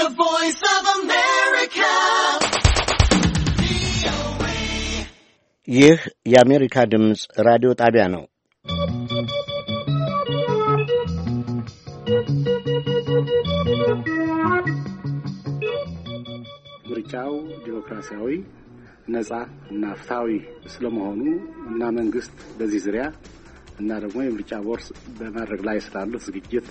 The Voice of America. ይህ የአሜሪካ ድምፅ ራዲዮ ጣቢያ ነው። ምርጫው ዲሞክራሲያዊ ነፃ እና ፍትሐዊ ስለመሆኑ እና መንግስት በዚህ ዙሪያ እና ደግሞ የምርጫ ቦርስ በማድረግ ላይ ስላሉት ዝግጅት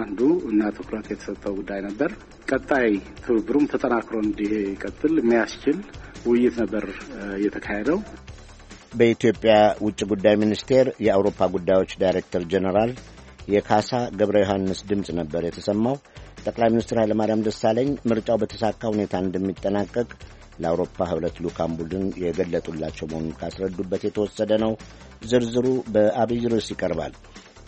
አንዱ እና ትኩረት የተሰጠው ጉዳይ ነበር። ቀጣይ ትብብሩም ተጠናክሮ እንዲቀጥል የሚያስችል ውይይት ነበር የተካሄደው። በኢትዮጵያ ውጭ ጉዳይ ሚኒስቴር የአውሮፓ ጉዳዮች ዳይሬክተር ጀኔራል የካሳ ገብረ ዮሐንስ ድምፅ ነበር የተሰማው። ጠቅላይ ሚኒስትር ኃይለማርያም ደሳለኝ ምርጫው በተሳካ ሁኔታ እንደሚጠናቀቅ ለአውሮፓ ህብረት ልዑካን ቡድን የገለጡላቸው መሆኑን ካስረዱበት የተወሰደ ነው። ዝርዝሩ በአብይ ርዕስ ይቀርባል።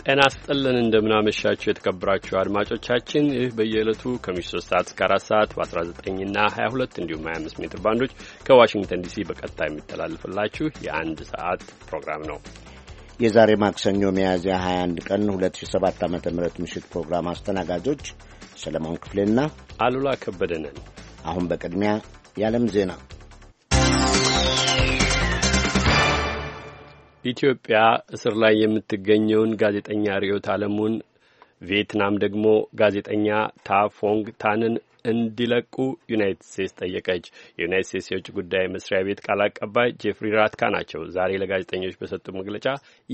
ጤና ስጥልን እንደምናመሻችሁ የተከበራችሁ አድማጮቻችን ይህ በየዕለቱ ከምሽቱ 3 ሰዓት እስከ 4 ሰዓት በ19 እና 22 እንዲሁም 25 ሜትር ባንዶች ከዋሽንግተን ዲሲ በቀጥታ የሚተላለፍላችሁ የአንድ ሰዓት ፕሮግራም ነው። የዛሬ ማክሰኞ ሚያዝያ 21 ቀን 2007 ዓ ም ምሽት ፕሮግራም አስተናጋጆች ሰለሞን ክፍሌና አሉላ ከበደ ነን። አሁን በቅድሚያ የዓለም ዜና ኢትዮጵያ እስር ላይ የምትገኘውን ጋዜጠኛ ርዕዮት ዓለሙን ቪየትናም ደግሞ ጋዜጠኛ ታፎንግ ታንን እንዲለቁ ዩናይትድ ስቴትስ ጠየቀች። የዩናይትድ ስቴትስ የውጭ ጉዳይ መስሪያ ቤት ቃል አቀባይ ጄፍሪ ራትካ ናቸው ዛሬ ለጋዜጠኞች በሰጡት መግለጫ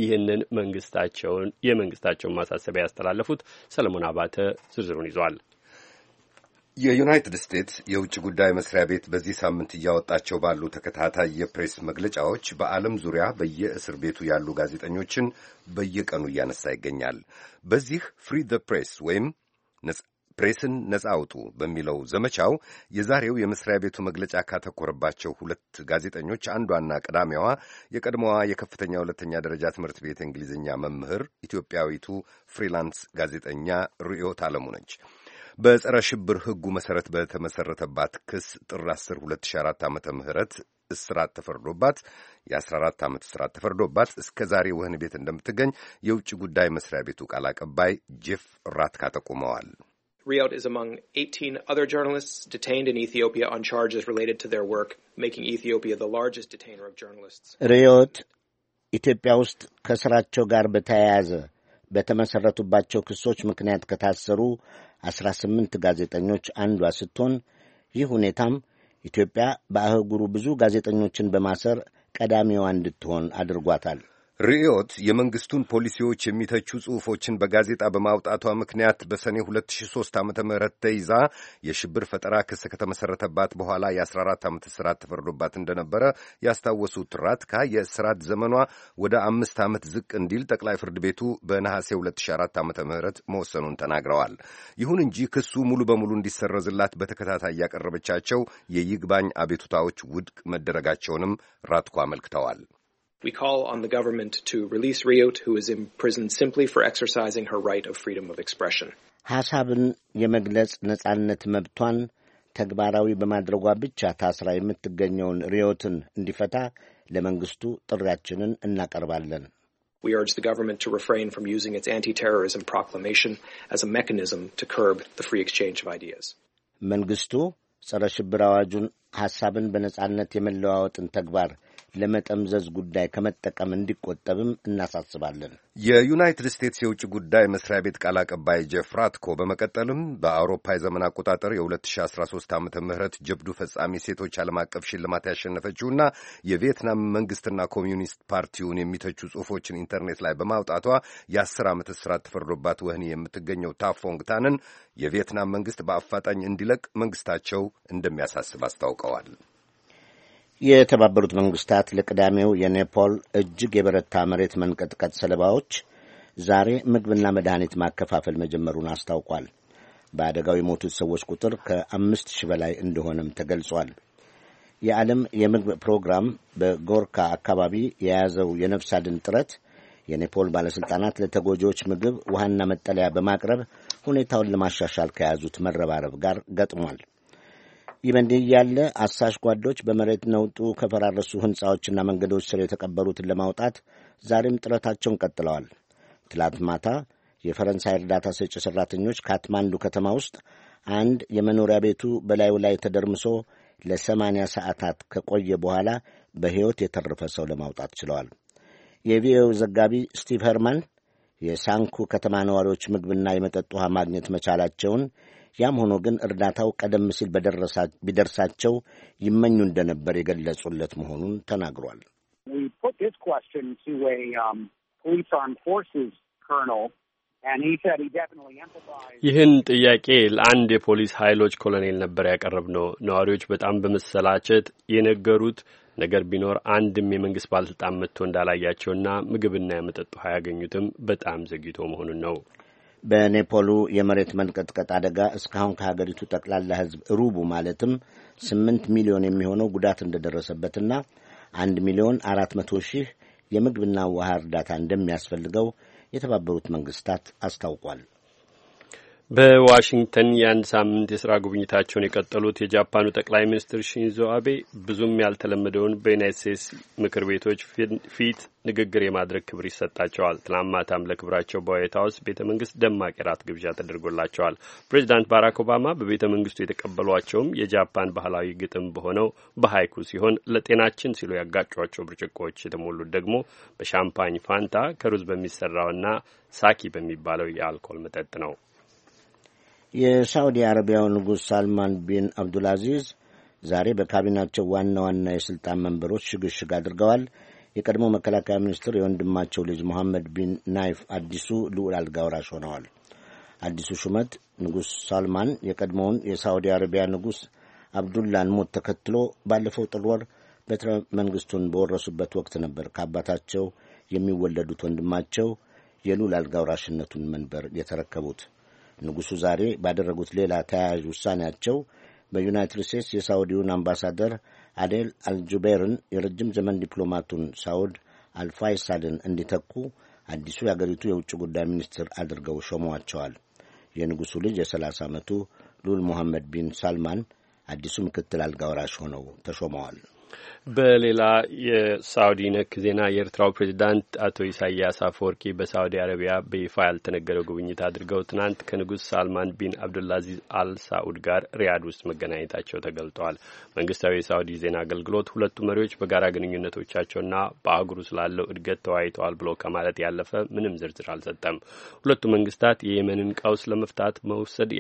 ይህንን መንግስታቸውን የመንግስታቸውን ማሳሰቢያ ያስተላለፉት። ሰለሞን አባተ ዝርዝሩን ይዟል። የዩናይትድ ስቴትስ የውጭ ጉዳይ መስሪያ ቤት በዚህ ሳምንት እያወጣቸው ባሉ ተከታታይ የፕሬስ መግለጫዎች በዓለም ዙሪያ በየእስር ቤቱ ያሉ ጋዜጠኞችን በየቀኑ እያነሳ ይገኛል። በዚህ ፍሪ ዘ ፕሬስ ወይም ፕሬስን ነጻ አውጡ በሚለው ዘመቻው የዛሬው የመስሪያ ቤቱ መግለጫ ካተኮረባቸው ሁለት ጋዜጠኞች አንዷና ቀዳሚዋ የቀድሞዋ የከፍተኛ ሁለተኛ ደረጃ ትምህርት ቤት እንግሊዝኛ መምህር ኢትዮጵያዊቱ ፍሪላንስ ጋዜጠኛ ርዕዮት አለሙ ነች። በጸረ ሽብር ሕጉ መሠረት በተመሠረተባት ክስ ጥር 10 2004 ዓመተ ምህረት እስራት ተፈርዶባት የ14 ዓመት እስራት ተፈርዶባት እስከ ዛሬ ወህኒ ቤት እንደምትገኝ የውጭ ጉዳይ መስሪያ ቤቱ ቃል አቀባይ ጄፍ ራትካ ጠቁመዋል። Riad is among 18 other journalists detained in Ethiopia on charges related to their work, making Ethiopia the largest detainer of journalists. ሪዮት ኢትዮጵያ ውስጥ ከስራቸው ጋር በተያያዘ በተመሠረቱባቸው ክሶች ምክንያት ከታሰሩ ስምንት ጋዜጠኞች አንዷ ስትሆን ይህ ሁኔታም ኢትዮጵያ በአህጉሩ ብዙ ጋዜጠኞችን በማሰር ቀዳሚዋ እንድትሆን አድርጓታል። ርዕዮት የመንግስቱን ፖሊሲዎች የሚተቹ ጽሑፎችን በጋዜጣ በማውጣቷ ምክንያት በሰኔ 2003 ዓ ም ተይዛ የሽብር ፈጠራ ክስ ከተመሠረተባት በኋላ የ14 ዓመት እስራት ተፈርዶባት እንደነበረ ያስታወሱት ራትካ የእስራት ዘመኗ ወደ አምስት ዓመት ዝቅ እንዲል ጠቅላይ ፍርድ ቤቱ በነሐሴ 2004 ዓ ም መወሰኑን ተናግረዋል። ይሁን እንጂ ክሱ ሙሉ በሙሉ እንዲሰረዝላት በተከታታይ ያቀረበቻቸው የይግባኝ አቤቱታዎች ውድቅ መደረጋቸውንም ራትኳ አመልክተዋል። We call on the government to release Riot, who is imprisoned simply for exercising her right of freedom of expression. ሐሳብን የመግለጽ ነጻነት መብቷን ተግባራዊ በማድረጓ ብቻ ታስራ የምትገኘውን ሪዮትን እንዲፈታ ለመንግስቱ ጥሪያችንን እናቀርባለን። We urge the government to refrain from using its anti-terrorism proclamation as a mechanism to curb the free exchange of ideas. መንግስቱ ጸረ ሽብር አዋጁን ሐሳብን በነጻነት የመለዋወጥን ተግባር ለመጠምዘዝ ጉዳይ ከመጠቀም እንዲቆጠብም እናሳስባለን። የዩናይትድ ስቴትስ የውጭ ጉዳይ መስሪያ ቤት ቃል አቀባይ ጄፍ ራትኮ በመቀጠልም በአውሮፓ የዘመን አቆጣጠር የ2013 ዓ ም ጀብዱ ፈጻሚ ሴቶች ዓለም አቀፍ ሽልማት ያሸነፈችውና የቪየትናም መንግስትና ኮሚኒስት ፓርቲውን የሚተቹ ጽሑፎችን ኢንተርኔት ላይ በማውጣቷ የአስር ዓመት እስራት ተፈርዶባት ወህኒ የምትገኘው ታንን የቪየትናም መንግስት በአፋጣኝ እንዲለቅ መንግስታቸው እንደሚያሳስብ አስታውቀዋል። የተባበሩት መንግስታት ለቅዳሜው የኔፖል እጅግ የበረታ መሬት መንቀጥቀጥ ሰለባዎች ዛሬ ምግብና መድኃኒት ማከፋፈል መጀመሩን አስታውቋል። በአደጋው የሞቱት ሰዎች ቁጥር ከአምስት ሺህ በላይ እንደሆነም ተገልጿል። የዓለም የምግብ ፕሮግራም በጎርካ አካባቢ የያዘው የነፍስ አድን ጥረት የኔፖል ባለሥልጣናት ለተጎጂዎች ምግብ ውሃና መጠለያ በማቅረብ ሁኔታውን ለማሻሻል ከያዙት መረባረብ ጋር ገጥሟል። ይህ በእንዲህ እያለ አሳሽ ጓዶች በመሬት ነውጡ ከፈራረሱ ሕንፃዎችና መንገዶች ስር የተቀበሩትን ለማውጣት ዛሬም ጥረታቸውን ቀጥለዋል። ትላንት ማታ የፈረንሳይ እርዳታ ሰጪ ሠራተኞች ካትማንዱ ከተማ ውስጥ አንድ የመኖሪያ ቤቱ በላዩ ላይ ተደርምሶ ለሰማንያ ሰዓታት ከቆየ በኋላ በሕይወት የተረፈ ሰው ለማውጣት ችለዋል። የቪኦኤው ዘጋቢ ስቲቭ ሄርማን የሳንኩ ከተማ ነዋሪዎች ምግብና የመጠጥ ውሃ ማግኘት መቻላቸውን ያም ሆኖ ግን እርዳታው ቀደም ሲል ቢደርሳቸው ይመኙ እንደነበር የገለጹለት መሆኑን ተናግሯል። um, ይህን ጥያቄ ለአንድ የፖሊስ ኃይሎች ኮሎኔል ነበር ያቀረብነው። ነዋሪዎች በጣም በመሰላቸት የነገሩት ነገር ቢኖር አንድም የመንግስት ባለስልጣን መጥቶ እንዳላያቸውና ምግብና የመጠጥ ውሃ ያገኙትም በጣም ዘግይቶ መሆኑን ነው። በኔፖሉ የመሬት መንቀጥቀጥ አደጋ እስካሁን ከሀገሪቱ ጠቅላላ ሕዝብ ሩቡ ማለትም ስምንት ሚሊዮን የሚሆነው ጉዳት እንደደረሰበትና አንድ ሚሊዮን አራት መቶ ሺህ የምግብና ውሃ እርዳታ እንደሚያስፈልገው የተባበሩት መንግስታት አስታውቋል። በዋሽንግተን የአንድ ሳምንት የስራ ጉብኝታቸውን የቀጠሉት የጃፓኑ ጠቅላይ ሚኒስትር ሺንዞ አቤ ብዙም ያልተለመደውን በዩናይት ስቴትስ ምክር ቤቶች ፊት ንግግር የማድረግ ክብር ይሰጣቸዋል። ትናንት ማታም ለክብራቸው በዋይት ሀውስ ቤተ መንግስት ደማቅ የራት ግብዣ ተደርጎላቸዋል። ፕሬዚዳንት ባራክ ኦባማ በቤተ መንግስቱ የተቀበሏቸውም የጃፓን ባህላዊ ግጥም በሆነው በሀይኩ ሲሆን ለጤናችን ሲሉ ያጋጯቸው ብርጭቆዎች የተሞሉት ደግሞ በሻምፓኝ ፋንታ ከሩዝ በሚሰራውና ሳኪ በሚባለው የአልኮል መጠጥ ነው። የሳዑዲ አረቢያው ንጉሥ ሳልማን ቢን አብዱልአዚዝ ዛሬ በካቢናቸው ዋና ዋና የሥልጣን መንበሮች ሽግሽግ አድርገዋል። የቀድሞ መከላከያ ሚኒስትር የወንድማቸው ልጅ መሐመድ ቢን ናይፍ አዲሱ ልዑል አልጋ ወራሽ ሆነዋል። አዲሱ ሹመት ንጉሥ ሳልማን የቀድሞውን የሳዑዲ አረቢያ ንጉሥ አብዱላን ሞት ተከትሎ ባለፈው ጥር ወር በትረ መንግሥቱን በወረሱበት ወቅት ነበር ከአባታቸው የሚወለዱት ወንድማቸው የልዑል አልጋ ወራሽነቱን መንበር የተረከቡት። ንጉሡ ዛሬ ባደረጉት ሌላ ተያያዥ ውሳኔያቸው በዩናይትድ ስቴትስ የሳውዲውን አምባሳደር አዴል አልጁቤርን የረጅም ዘመን ዲፕሎማቱን ሳውድ አልፋይሳልን እንዲተኩ አዲሱ የአገሪቱ የውጭ ጉዳይ ሚኒስትር አድርገው ሾመዋቸዋል። የንጉሡ ልጅ የ30 ዓመቱ ሉል ሞሐመድ ቢን ሳልማን አዲሱ ምክትል አልጋ ወራሽ ሆነው ተሾመዋል። በሌላ የሳውዲ ነክ ዜና የኤርትራው ፕሬዚዳንት አቶ ኢሳያስ አፈወርቂ በሳውዲ አረቢያ በይፋ ያልተነገረው ጉብኝት አድርገው ትናንት ከንጉሥ ሳልማን ቢን አብዱላዚዝ አል ሳኡድ ጋር ሪያድ ውስጥ መገናኘታቸው ተገልጠዋል። መንግስታዊ የሳውዲ ዜና አገልግሎት ሁለቱ መሪዎች በጋራ ግንኙነቶቻቸውና በአህጉሩ ስላለው እድገት ተወያይተዋል ብሎ ከማለት ያለፈ ምንም ዝርዝር አልሰጠም። ሁለቱ መንግስታት የየመንን ቀውስ ለመፍታት መውሰድ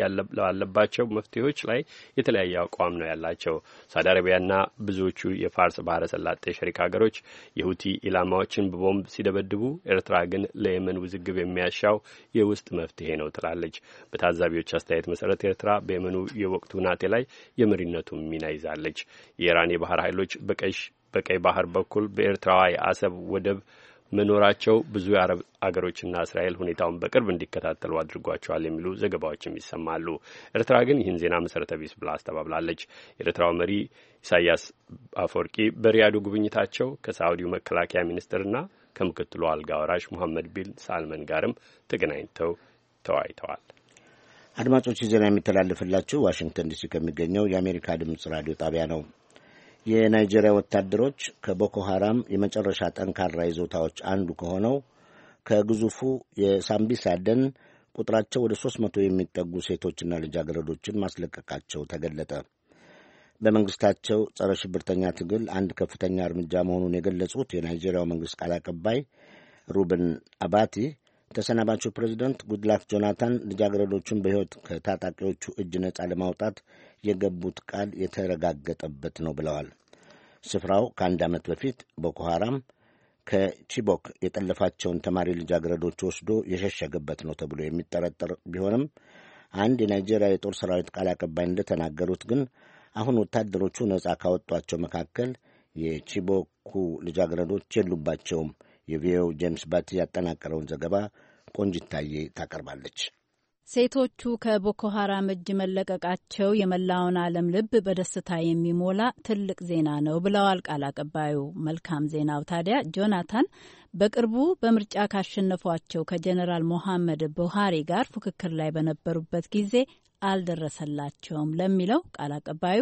ያለባቸው መፍትሄዎች ላይ የተለያየ አቋም ነው ያላቸው። ሳውዲ አረቢያና ብዙዎቹ የፋርስ ባህረ ሰላጤ ሸሪክ ሀገሮች የሁቲ ኢላማዎችን በቦምብ ሲደበድቡ፣ ኤርትራ ግን ለየመን ውዝግብ የሚያሻው የውስጥ መፍትሄ ነው ትላለች። በታዛቢዎች አስተያየት መሰረት ኤርትራ በየመኑ የወቅቱ ናቴ ላይ የመሪነቱን ሚና ይዛለች። የኢራን የባህር ኃይሎች በቀይ ባህር በኩል በኤርትራዋ የአሰብ ወደብ መኖራቸው ብዙ የአረብ አገሮችና እስራኤል ሁኔታውን በቅርብ እንዲከታተሉ አድርጓቸዋል የሚሉ ዘገባዎችም ይሰማሉ። ኤርትራ ግን ይህን ዜና መሰረተ ቢስ ብላ አስተባብላለች። የኤርትራው መሪ ኢሳያስ አፈወርቂ በሪያዱ ጉብኝታቸው ከሳዑዲው መከላከያ ሚኒስትርና ከምክትሉ አልጋ ወራሽ ሙሐመድ ቢን ሳልመን ጋርም ተገናኝተው ተወያይተዋል። አድማጮች ዜና የሚተላለፍላችሁ ዋሽንግተን ዲሲ ከሚገኘው የአሜሪካ ድምፅ ራዲዮ ጣቢያ ነው። የናይጄሪያ ወታደሮች ከቦኮ ሐራም የመጨረሻ ጠንካራ ይዞታዎች አንዱ ከሆነው ከግዙፉ የሳምቢሳ ደን ቁጥራቸው ወደ ሦስት መቶ የሚጠጉ ሴቶችና ልጃገረዶችን ማስለቀቃቸው ተገለጠ። በመንግስታቸው ጸረ ሽብርተኛ ትግል አንድ ከፍተኛ እርምጃ መሆኑን የገለጹት የናይጄሪያው መንግሥት ቃል አቀባይ ሩብን አባቲ ተሰናባቹ ፕሬዚደንት ጉድላክ ጆናታን ልጃገረዶቹን በሕይወት ከታጣቂዎቹ እጅ ነፃ ለማውጣት የገቡት ቃል የተረጋገጠበት ነው ብለዋል። ስፍራው ከአንድ ዓመት በፊት ቦኮ ሐራም ከቺቦክ የጠለፋቸውን ተማሪ ልጃገረዶች ወስዶ የሸሸገበት ነው ተብሎ የሚጠረጠር ቢሆንም አንድ የናይጄሪያ የጦር ሰራዊት ቃል አቀባይ እንደተናገሩት ግን አሁን ወታደሮቹ ነጻ ካወጧቸው መካከል የቺቦኩ ልጃገረዶች የሉባቸውም። የቪኦኤው ጄምስ ባቲ ያጠናቀረውን ዘገባ ቆንጅታዬ ታቀርባለች። ሴቶቹ ከቦኮ ሀራም እጅ መለቀቃቸው የመላውን ዓለም ልብ በደስታ የሚሞላ ትልቅ ዜና ነው ብለዋል ቃል አቀባዩ። መልካም ዜናው ታዲያ ጆናታን በቅርቡ በምርጫ ካሸነፏቸው ከጀኔራል ሞሐመድ ቡሃሪ ጋር ፉክክር ላይ በነበሩበት ጊዜ አልደረሰላቸውም ለሚለው ቃል አቀባዩ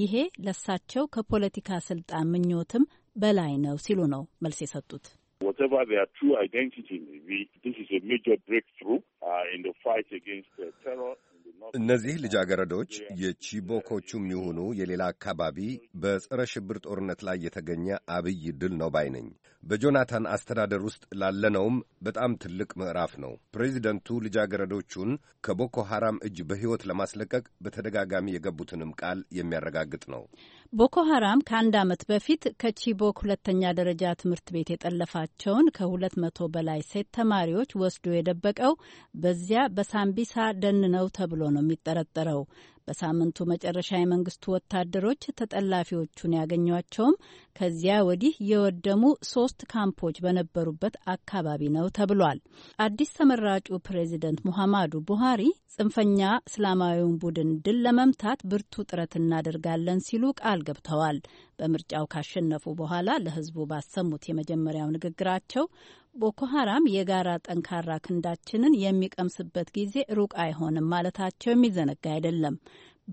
ይሄ ለሳቸው ከፖለቲካ ስልጣን ምኞትም በላይ ነው ሲሉ ነው መልስ የሰጡት። እነዚህ ልጃገረዶች የቺቦኮቹም ይሁኑ የሌላ አካባቢ በጸረ ሽብር ጦርነት ላይ የተገኘ አብይ ድል ነው ባይ ነኝ። በጆናታን አስተዳደር ውስጥ ላለነውም በጣም ትልቅ ምዕራፍ ነው። ፕሬዚደንቱ ልጃገረዶቹን ከቦኮ ሐራም እጅ በሕይወት ለማስለቀቅ በተደጋጋሚ የገቡትንም ቃል የሚያረጋግጥ ነው። ቦኮ ሐራም ከአንድ ዓመት በፊት ከቺቦክ ሁለተኛ ደረጃ ትምህርት ቤት የጠለፋቸውን ከሁለት መቶ በላይ ሴት ተማሪዎች ወስዶ የደበቀው በዚያ በሳምቢሳ ደን ነው ተብሎ ተብሎ ነው የሚጠረጠረው። በሳምንቱ መጨረሻ የመንግስቱ ወታደሮች ተጠላፊዎቹን ያገኟቸውም ከዚያ ወዲህ የወደሙ ሶስት ካምፖች በነበሩበት አካባቢ ነው ተብሏል። አዲስ ተመራጩ ፕሬዚደንት ሙሐማዱ ቡሃሪ ጽንፈኛ እስላማዊውን ቡድን ድል ለመምታት ብርቱ ጥረት እናደርጋለን ሲሉ ቃል ገብተዋል። በምርጫው ካሸነፉ በኋላ ለህዝቡ ባሰሙት የመጀመሪያው ንግግራቸው ቦኮ ሀራም የጋራ ጠንካራ ክንዳችንን የሚቀምስበት ጊዜ ሩቅ አይሆንም ማለታቸው የሚዘነጋ አይደለም።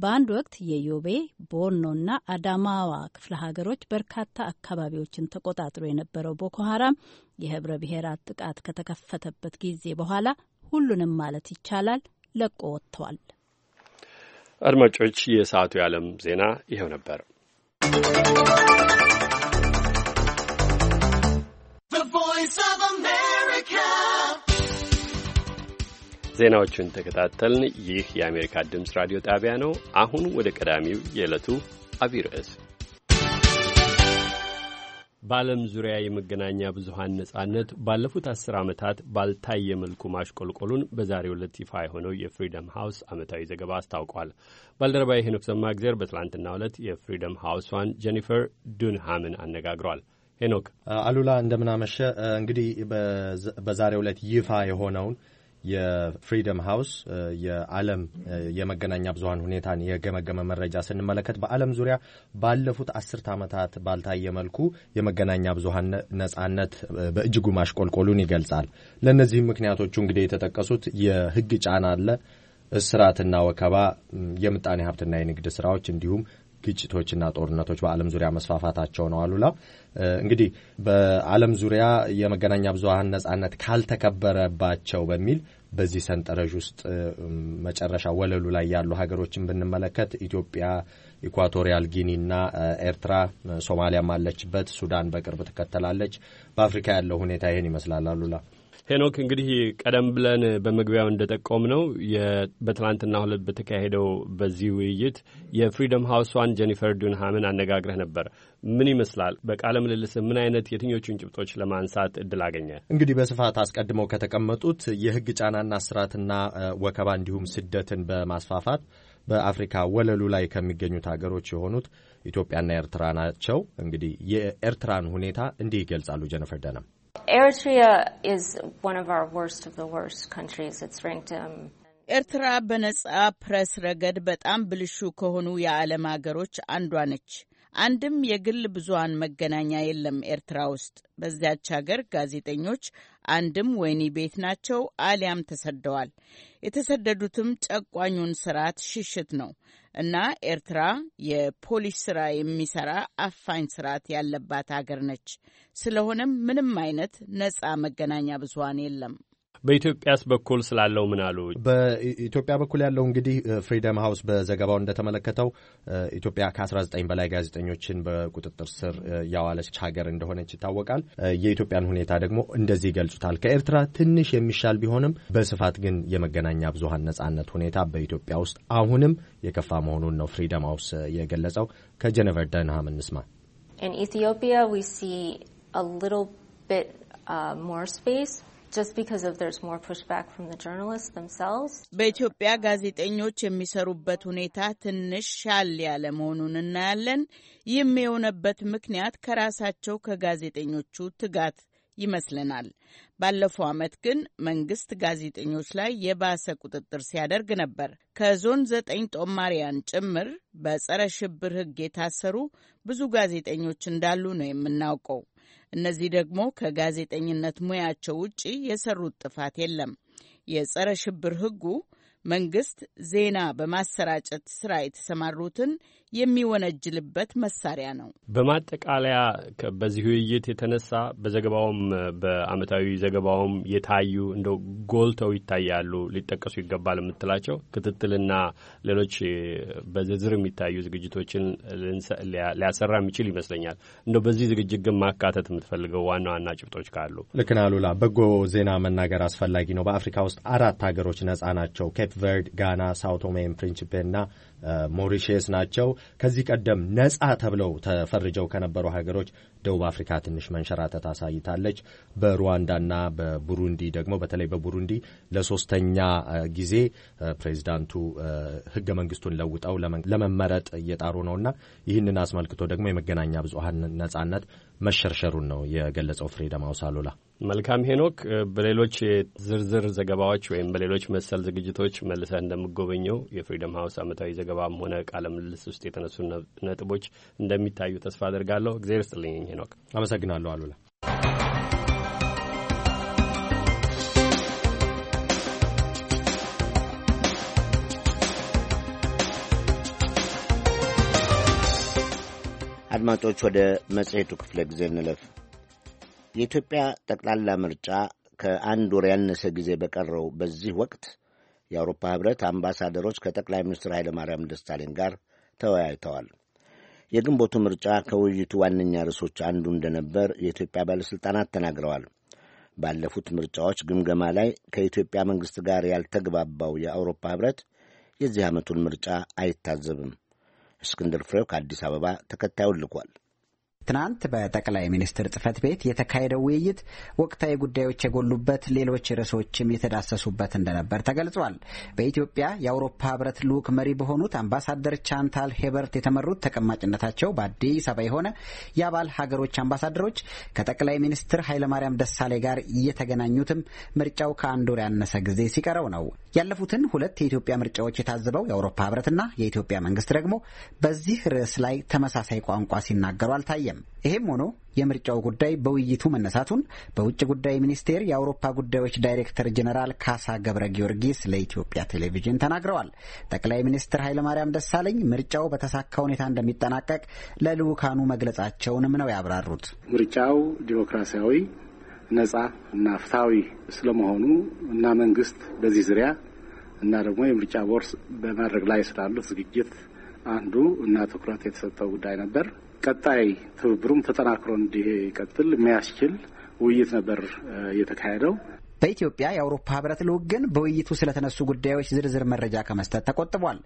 በአንድ ወቅት የዮቤ ቦርኖና አዳማዋ ክፍለ ሀገሮች በርካታ አካባቢዎችን ተቆጣጥሮ የነበረው ቦኮ ሀራም የህብረ ብሔራት ጥቃት ከተከፈተበት ጊዜ በኋላ ሁሉንም ማለት ይቻላል ለቆ ወጥተዋል። አድማጮች፣ የሰዓቱ የዓለም ዜና ይኸው ነበር። ዜናዎቹን ተከታተልን። ይህ የአሜሪካ ድምፅ ራዲዮ ጣቢያ ነው። አሁን ወደ ቀዳሚው የዕለቱ አብይ ርዕስ በዓለም ዙሪያ የመገናኛ ብዙሀን ነጻነት ባለፉት አስር ዓመታት ባልታየ መልኩ ማሽቆልቆሉን በዛሬው ዕለት ይፋ የሆነው የፍሪደም ሃውስ ዓመታዊ ዘገባ አስታውቋል። ባልደረባ ሰማ እግዜር በትላንትና ዕለት የፍሪደም ሃውስን ጄኒፈር ዱንሃምን አነጋግሯል። ሄኖክ አሉላ እንደምናመሸ እንግዲህ በዛሬው ዕለት ይፋ የሆነውን የፍሪደም ሃውስ የዓለም የመገናኛ ብዙሀን ሁኔታን የገመገመ መረጃ ስንመለከት በዓለም ዙሪያ ባለፉት አስርት ዓመታት ባልታየ መልኩ የመገናኛ ብዙሀን ነጻነት በእጅጉ ማሽቆልቆሉን ይገልጻል። ለእነዚህም ምክንያቶቹ እንግዲህ የተጠቀሱት የህግ ጫና አለ፣ እስራትና ወከባ፣ የምጣኔ ሀብትና የንግድ ስራዎች እንዲሁም ግጭቶችና ጦርነቶች በዓለም ዙሪያ መስፋፋታቸው ነው። አሉላ እንግዲህ በዓለም ዙሪያ የመገናኛ ብዙሀን ነጻነት ካልተከበረባቸው በሚል በዚህ ሰንጠረዥ ውስጥ መጨረሻ ወለሉ ላይ ያሉ ሀገሮችን ብንመለከት ኢትዮጵያ፣ ኢኳቶሪያል ጊኒና ኤርትራ፣ ሶማሊያም አለችበት። ሱዳን በቅርብ ትከተላለች። በአፍሪካ ያለው ሁኔታ ይህን ይመስላል አሉላ። ሄኖክ እንግዲህ ቀደም ብለን በመግቢያው እንደጠቆም ነው በትናንትና ሁለት በተካሄደው በዚህ ውይይት የፍሪደም ሀውሷን ጀኒፈር ዱንሃምን አነጋግረህ ነበር። ምን ይመስላል? በቃለ ምልልስ ምን አይነት የትኞቹን ጭብጦች ለማንሳት እድል አገኘ? እንግዲህ በስፋት አስቀድመው ከተቀመጡት የህግ ጫናና ስርዓትና ወከባ እንዲሁም ስደትን በማስፋፋት በአፍሪካ ወለሉ ላይ ከሚገኙት ሀገሮች የሆኑት ኢትዮጵያና ኤርትራ ናቸው። እንግዲህ የኤርትራን ሁኔታ እንዲህ ይገልጻሉ ጀነፈር ደነም ኤርትሪያ ኢዝ ዋን ኦፍ አወር ወርስት ኦፍ ዘ ወርስት ካንትሪስ ኢትስ ራንክድ ኤርትራ በነጻ ፕሬስ ረገድ በጣም ብልሹ ከሆኑ የዓለም ሀገሮች አንዷ ነች። አንድም የግል ብዙሀን መገናኛ የለም ኤርትራ ውስጥ። በዚያች ሀገር ጋዜጠኞች አንድም ወህኒ ቤት ናቸው አሊያም ተሰደዋል። የተሰደዱትም ጨቋኙን ስርዓት ሽሽት ነው። እና ኤርትራ የፖሊስ ስራ የሚሰራ አፋኝ ስርዓት ያለባት አገር ነች። ስለሆነም ምንም አይነት ነጻ መገናኛ ብዙሀን የለም። በኢትዮጵያስ በኩል ስላለው ምን አሉ? በኢትዮጵያ በኩል ያለው እንግዲህ ፍሪደም ሀውስ በዘገባው እንደተመለከተው ኢትዮጵያ ከ19 በላይ ጋዜጠኞችን በቁጥጥር ስር ያዋለች ሀገር እንደሆነች ይታወቃል። የኢትዮጵያን ሁኔታ ደግሞ እንደዚህ ይገልጹታል። ከኤርትራ ትንሽ የሚሻል ቢሆንም በስፋት ግን የመገናኛ ብዙሀን ነጻነት ሁኔታ በኢትዮጵያ ውስጥ አሁንም የከፋ መሆኑን ነው ፍሪደም ሀውስ የገለጸው። ከጀነቨር ደንሃም እንስማ። ኢትዮጵያ ሲ we see በኢትዮጵያ ጋዜጠኞች የሚሰሩበት ሁኔታ ትንሽ ሻል ያለ መሆኑን እናያለን። ይህም የሆነበት ምክንያት ከራሳቸው ከጋዜጠኞቹ ትጋት ይመስለናል። ባለፈው ዓመት ግን መንግስት ጋዜጠኞች ላይ የባሰ ቁጥጥር ሲያደርግ ነበር። ከዞን ዘጠኝ ጦማሪያን ጭምር በጸረ ሽብር ሕግ የታሰሩ ብዙ ጋዜጠኞች እንዳሉ ነው የምናውቀው። እነዚህ ደግሞ ከጋዜጠኝነት ሙያቸው ውጪ የሰሩት ጥፋት የለም። የጸረ ሽብር ሕጉ መንግስት ዜና በማሰራጨት ስራ የተሰማሩትን የሚወነጅልበት መሳሪያ ነው። በማጠቃለያ በዚህ ውይይት የተነሳ በዘገባውም በአመታዊ ዘገባውም የታዩ እንደው ጎልተው ይታያሉ ሊጠቀሱ ይገባል የምትላቸው ክትትልና ሌሎች በዝርዝር የሚታዩ ዝግጅቶችን ሊያሰራ የሚችል ይመስለኛል። እንደው በዚህ ዝግጅት ግን ማካተት የምትፈልገው ዋና ዋና ጭብጦች ካሉ ልክን አሉላ በጎ ዜና መናገር አስፈላጊ ነው። በአፍሪካ ውስጥ አራት ሀገሮች ነጻ ናቸው። ኬፕ ቨርድ፣ ጋና፣ ሳውቶሜን ፕሪንሲፔና ሞሪሼስ ናቸው። ከዚህ ቀደም ነጻ ተብለው ተፈርጀው ከነበሩ ሀገሮች ደቡብ አፍሪካ ትንሽ መንሸራተት አሳይታለች። በሩዋንዳና በቡሩንዲ ደግሞ በተለይ በቡሩንዲ ለሶስተኛ ጊዜ ፕሬዚዳንቱ ህገ መንግስቱን ለውጠው ለመመረጥ እየጣሩ ነውና ይህንን አስመልክቶ ደግሞ የመገናኛ ብዙሀን ነጻነት መሸርሸሩን ነው የገለጸው። ፍሬደም አውሳሉላ መልካም ሄኖክ፣ በሌሎች ዝርዝር ዘገባዎች ወይም በሌሎች መሰል ዝግጅቶች መልሰህ እንደምጎበኘው የፍሪደም ሀውስ አመታዊ ዘገባ ዘገባም ሆነ ቃለ ምልልስ ውስጥ የተነሱ ነጥቦች እንደሚታዩ ተስፋ አድርጋለሁ። እግዜር ስጥልኝ ሄኖክ። አመሰግናለሁ አሉላ። አድማጮች ወደ መጽሔቱ ክፍለ ጊዜ እንለፍ። የኢትዮጵያ ጠቅላላ ምርጫ ከአንድ ወር ያነሰ ጊዜ በቀረው በዚህ ወቅት የአውሮፓ ህብረት አምባሳደሮች ከጠቅላይ ሚኒስትር ኃይለማርያም ደሳለኝ ጋር ተወያይተዋል። የግንቦቱ ምርጫ ከውይይቱ ዋነኛ ርዕሶች አንዱ እንደነበር የኢትዮጵያ ባለሥልጣናት ተናግረዋል። ባለፉት ምርጫዎች ግምገማ ላይ ከኢትዮጵያ መንግሥት ጋር ያልተግባባው የአውሮፓ ህብረት የዚህ ዓመቱን ምርጫ አይታዘብም። እስክንድር ፍሬው ከአዲስ አበባ ተከታዩን ልኳል። ትናንት በጠቅላይ ሚኒስትር ጽህፈት ቤት የተካሄደው ውይይት ወቅታዊ ጉዳዮች የጎሉበት፣ ሌሎች ርዕሶችም የተዳሰሱበት እንደነበር ተገልጿል። በኢትዮጵያ የአውሮፓ ህብረት ልዑክ መሪ በሆኑት አምባሳደር ቻንታል ሄበርት የተመሩት ተቀማጭነታቸው በአዲስ አበባ የሆነ የአባል ሀገሮች አምባሳደሮች ከጠቅላይ ሚኒስትር ኃይለማርያም ደሳሌ ጋር እየተገናኙትም ምርጫው ከአንድ ወር ያነሰ ጊዜ ሲቀረው ነው። ያለፉትን ሁለት የኢትዮጵያ ምርጫዎች የታዘበው የአውሮፓ ህብረትና የኢትዮጵያ መንግስት ደግሞ በዚህ ርዕስ ላይ ተመሳሳይ ቋንቋ ሲናገሩ አልታየም። አልታየም። ይሄም ሆኖ የምርጫው ጉዳይ በውይይቱ መነሳቱን በውጭ ጉዳይ ሚኒስቴር የአውሮፓ ጉዳዮች ዳይሬክተር ጀኔራል ካሳ ገብረ ጊዮርጊስ ለኢትዮጵያ ቴሌቪዥን ተናግረዋል። ጠቅላይ ሚኒስትር ኃይለማርያም ደሳለኝ ምርጫው በተሳካ ሁኔታ እንደሚጠናቀቅ ለልዑካኑ መግለጻቸውንም ነው ያብራሩት። ምርጫው ዲሞክራሲያዊ፣ ነጻ እና ፍትሐዊ ስለመሆኑ እና መንግስት በዚህ ዙሪያ እና ደግሞ የምርጫ ቦርስ በማድረግ ላይ ስላሉት ዝግጅት አንዱ እና ትኩረት የተሰጠው ጉዳይ ነበር። ቀጣይ ትብብሩም ተጠናክሮ እንዲቀጥል የሚያስችል ውይይት ነበር የተካሄደው። በኢትዮጵያ የአውሮፓ ህብረት ልዑክ ግን በውይይቱ ስለተነሱ ጉዳዮች ዝርዝር መረጃ ከመስጠት ተቆጥቧል።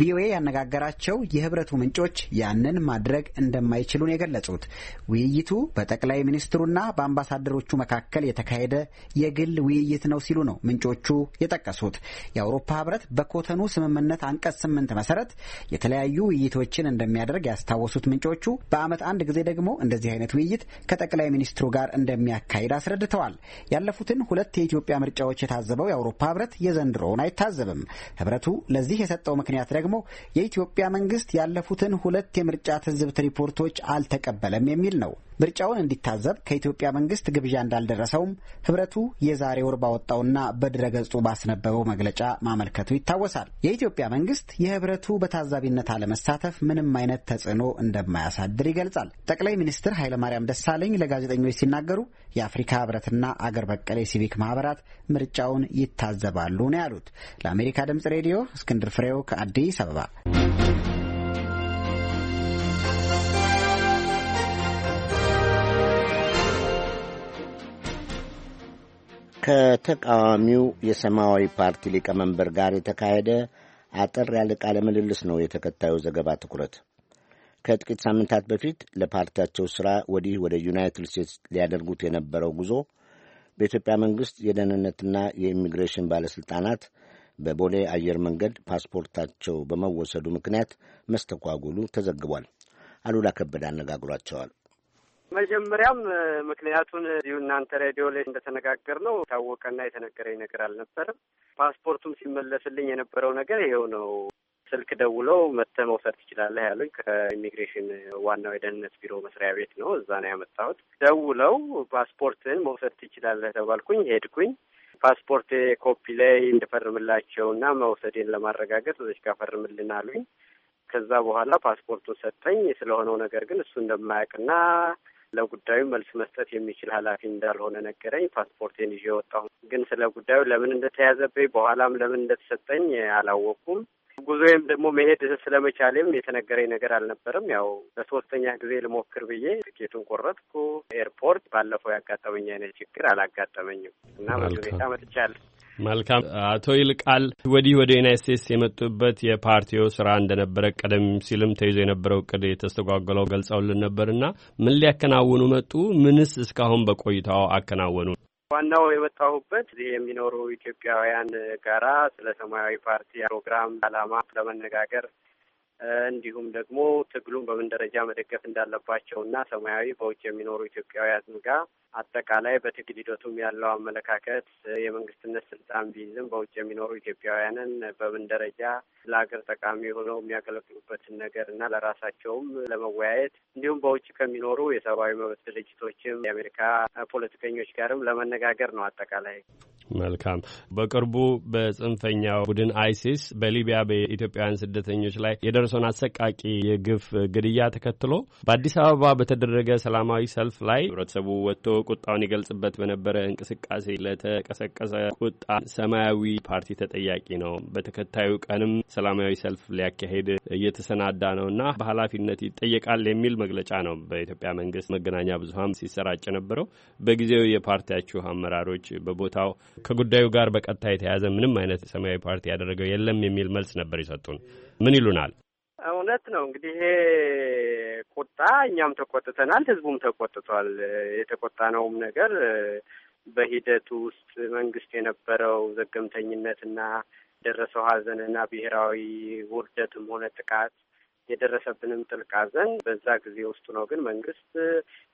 ቪኦኤ ያነጋገራቸው የህብረቱ ምንጮች ያንን ማድረግ እንደማይችሉን የገለጹት ውይይቱ በጠቅላይ ሚኒስትሩና በአምባሳደሮቹ መካከል የተካሄደ የግል ውይይት ነው ሲሉ ነው ምንጮቹ የጠቀሱት። የአውሮፓ ህብረት በኮተኑ ስምምነት አንቀጽ ስምንት መሰረት የተለያዩ ውይይቶችን እንደሚያደርግ ያስታወሱት ምንጮቹ በዓመት አንድ ጊዜ ደግሞ እንደዚህ አይነት ውይይት ከጠቅላይ ሚኒስትሩ ጋር እንደሚያካሂድ አስረድተዋል። ያለፉትን ሁለት የኢትዮጵያ ምርጫዎች የታዘበው የአውሮፓ ህብረት የዘንድሮውን አይታዘብም። ህብረቱ ለዚህ የሰጠው ምክንያት ደግሞ የኢትዮጵያ መንግስት ያለፉትን ሁለት የምርጫ ትዝብት ሪፖርቶች አልተቀበለም የሚል ነው። ምርጫውን እንዲታዘብ ከኢትዮጵያ መንግስት ግብዣ እንዳልደረሰውም ህብረቱ የዛሬ ወር ባወጣውና በድረ-ገጹ ባስነበበው መግለጫ ማመልከቱ ይታወሳል። የኢትዮጵያ መንግስት የህብረቱ በታዛቢነት አለመሳተፍ ምንም አይነት ተጽዕኖ እንደማያሳድር ይገልጻል። ጠቅላይ ሚኒስትር ኃይለማርያም ደሳለኝ ለጋዜጠኞች ሲናገሩ የአፍሪካ ህብረትና አገር በቀል የሲቪክ ማህበራት ምርጫውን ይታዘባሉ ነው ያሉት። ለአሜሪካ ድምጽ ሬዲዮ እስክንድር ፍሬው ከአዲስ አበባ ከተቃዋሚው የሰማያዊ ፓርቲ ሊቀመንበር ጋር የተካሄደ አጠር ያለ ቃለ ምልልስ ነው የተከታዩ ዘገባ ትኩረት። ከጥቂት ሳምንታት በፊት ለፓርቲያቸው ሥራ ወዲህ ወደ ዩናይትድ ስቴትስ ሊያደርጉት የነበረው ጉዞ በኢትዮጵያ መንግሥት የደህንነትና የኢሚግሬሽን ባለሥልጣናት በቦሌ አየር መንገድ ፓስፖርታቸው በመወሰዱ ምክንያት መስተጓጎሉ ተዘግቧል። አሉላ ከበደ አነጋግሯቸዋል። መጀመሪያም ምክንያቱን እዚሁ እናንተ ሬዲዮ ላይ እንደተነጋገር ነው የታወቀና የተነገረኝ ነገር አልነበረም። ፓስፖርቱም ሲመለስልኝ የነበረው ነገር ይኸው ነው። ስልክ ደውለው መጥተህ መውሰድ ትችላለህ ያሉኝ ከኢሚግሬሽን ዋናው የደህንነት ቢሮ መስሪያ ቤት ነው። እዛ ነው ያመጣሁት። ደውለው ፓስፖርትን መውሰድ ትችላለህ ተባልኩኝ። ሄድኩኝ ፓስፖርት ኮፒ ላይ እንድፈርምላቸው እና መውሰዴን ለማረጋገጥ እዚች ጋር ፈርምልን አሉኝ። ከዛ በኋላ ፓስፖርቱን ሰጠኝ። ስለሆነው ነገር ግን እሱ እንደማያውቅና ለጉዳዩ መልስ መስጠት የሚችል ኃላፊ እንዳልሆነ ነገረኝ። ፓስፖርቴን ይዤ ወጣሁ። ግን ስለ ጉዳዩ ለምን እንደተያዘብኝ በኋላም ለምን እንደተሰጠኝ አላወቅኩም። ጉዞዬም ደግሞ መሄድ ስለመቻሌም የተነገረኝ ነገር አልነበረም። ያው በሶስተኛ ጊዜ ልሞክር ብዬ ትኬቱን ቆረጥኩ። ኤርፖርት ባለፈው ያጋጠመኝ አይነት ችግር አላጋጠመኝም እና ሁኔታ መጥቻለሁ። መልካም አቶ ይልቃል ወዲህ ወደ ዩናይት ስቴትስ የመጡበት የፓርቲው ስራ እንደነበረ ቀደም ሲልም ተይዞ የነበረው እቅድ የተስተጓጎለው ገልጸውልን ነበርና ምን ሊያከናውኑ መጡ? ምንስ እስካሁን በቆይታው አከናወኑ? ዋናው የመጣሁበት እዚህ የሚኖሩ ኢትዮጵያውያን ጋራ ስለ ሰማያዊ ፓርቲ ፕሮግራም አላማ ለመነጋገር እንዲሁም ደግሞ ትግሉን በምን ደረጃ መደገፍ እንዳለባቸው እና ሰማያዊ በውጭ የሚኖሩ ኢትዮጵያውያን ጋር አጠቃላይ በትግል ሂደቱም ያለው አመለካከት የመንግስትነት ስልጣን ቢይዝም በውጭ የሚኖሩ ኢትዮጵያውያንን በምን ደረጃ ለሀገር ጠቃሚ ሆነው የሚያገለግሉበትን ነገር እና ለራሳቸውም ለመወያየት እንዲሁም በውጭ ከሚኖሩ የሰብአዊ መብት ድርጅቶችም የአሜሪካ ፖለቲከኞች ጋርም ለመነጋገር ነው። አጠቃላይ መልካም። በቅርቡ በጽንፈኛ ቡድን አይሲስ በሊቢያ በኢትዮጵያውያን ስደተኞች ላይ የደ የደረሰውን አሰቃቂ የግፍ ግድያ ተከትሎ በአዲስ አበባ በተደረገ ሰላማዊ ሰልፍ ላይ ህብረተሰቡ ወጥቶ ቁጣውን ይገልጽበት በነበረ እንቅስቃሴ ለተቀሰቀሰ ቁጣ ሰማያዊ ፓርቲ ተጠያቂ ነው። በተከታዩ ቀንም ሰላማዊ ሰልፍ ሊያካሄድ እየተሰናዳ ነውና በኃላፊነት ይጠየቃል የሚል መግለጫ ነው በኢትዮጵያ መንግስት መገናኛ ብዙኃን ሲሰራጭ የነበረው። በጊዜው የፓርቲያችሁ አመራሮች በቦታው ከጉዳዩ ጋር በቀጥታ የተያያዘ ምንም አይነት ሰማያዊ ፓርቲ ያደረገው የለም የሚል መልስ ነበር ይሰጡን። ምን ይሉናል? እውነት ነው እንግዲህ ይሄ ቁጣ እኛም ተቆጥተናል፣ ህዝቡም ተቆጥቷል። የተቆጣነውም ነገር በሂደቱ ውስጥ መንግስት የነበረው ዘገምተኝነትና የደረሰው ሀዘንና ብሔራዊ ውርደትም ሆነ ጥቃት የደረሰብንም ጥልቅ ሀዘን በዛ ጊዜ ውስጥ ነው። ግን መንግስት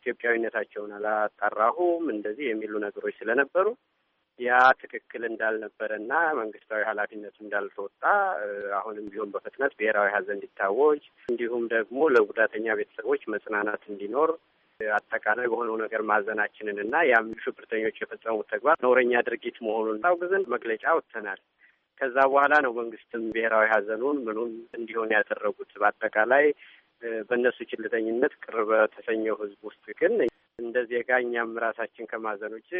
ኢትዮጵያዊነታቸውን አላጣራሁም እንደዚህ የሚሉ ነገሮች ስለነበሩ ያ ትክክል እንዳልነበረና መንግስታዊ ኃላፊነቱ እንዳልተወጣ አሁንም ቢሆን በፍጥነት ብሔራዊ ሐዘን እንዲታወጅ እንዲሁም ደግሞ ለጉዳተኛ ቤተሰቦች መጽናናት እንዲኖር አጠቃላይ በሆነው ነገር ማዘናችንን እና ያም ሽብርተኞች የፈጸሙት ተግባር ነውረኛ ድርጊት መሆኑን አውግዘን መግለጫ ወጥተናል። ከዛ በኋላ ነው መንግስትም ብሔራዊ ሐዘኑን ምኑን እንዲሆን ያደረጉት። በአጠቃላይ በእነሱ ችልተኝነት ቅር በተሰኘው ህዝብ ውስጥ ግን እንደ ዜጋ እኛም ራሳችን ከማዘን ውጭ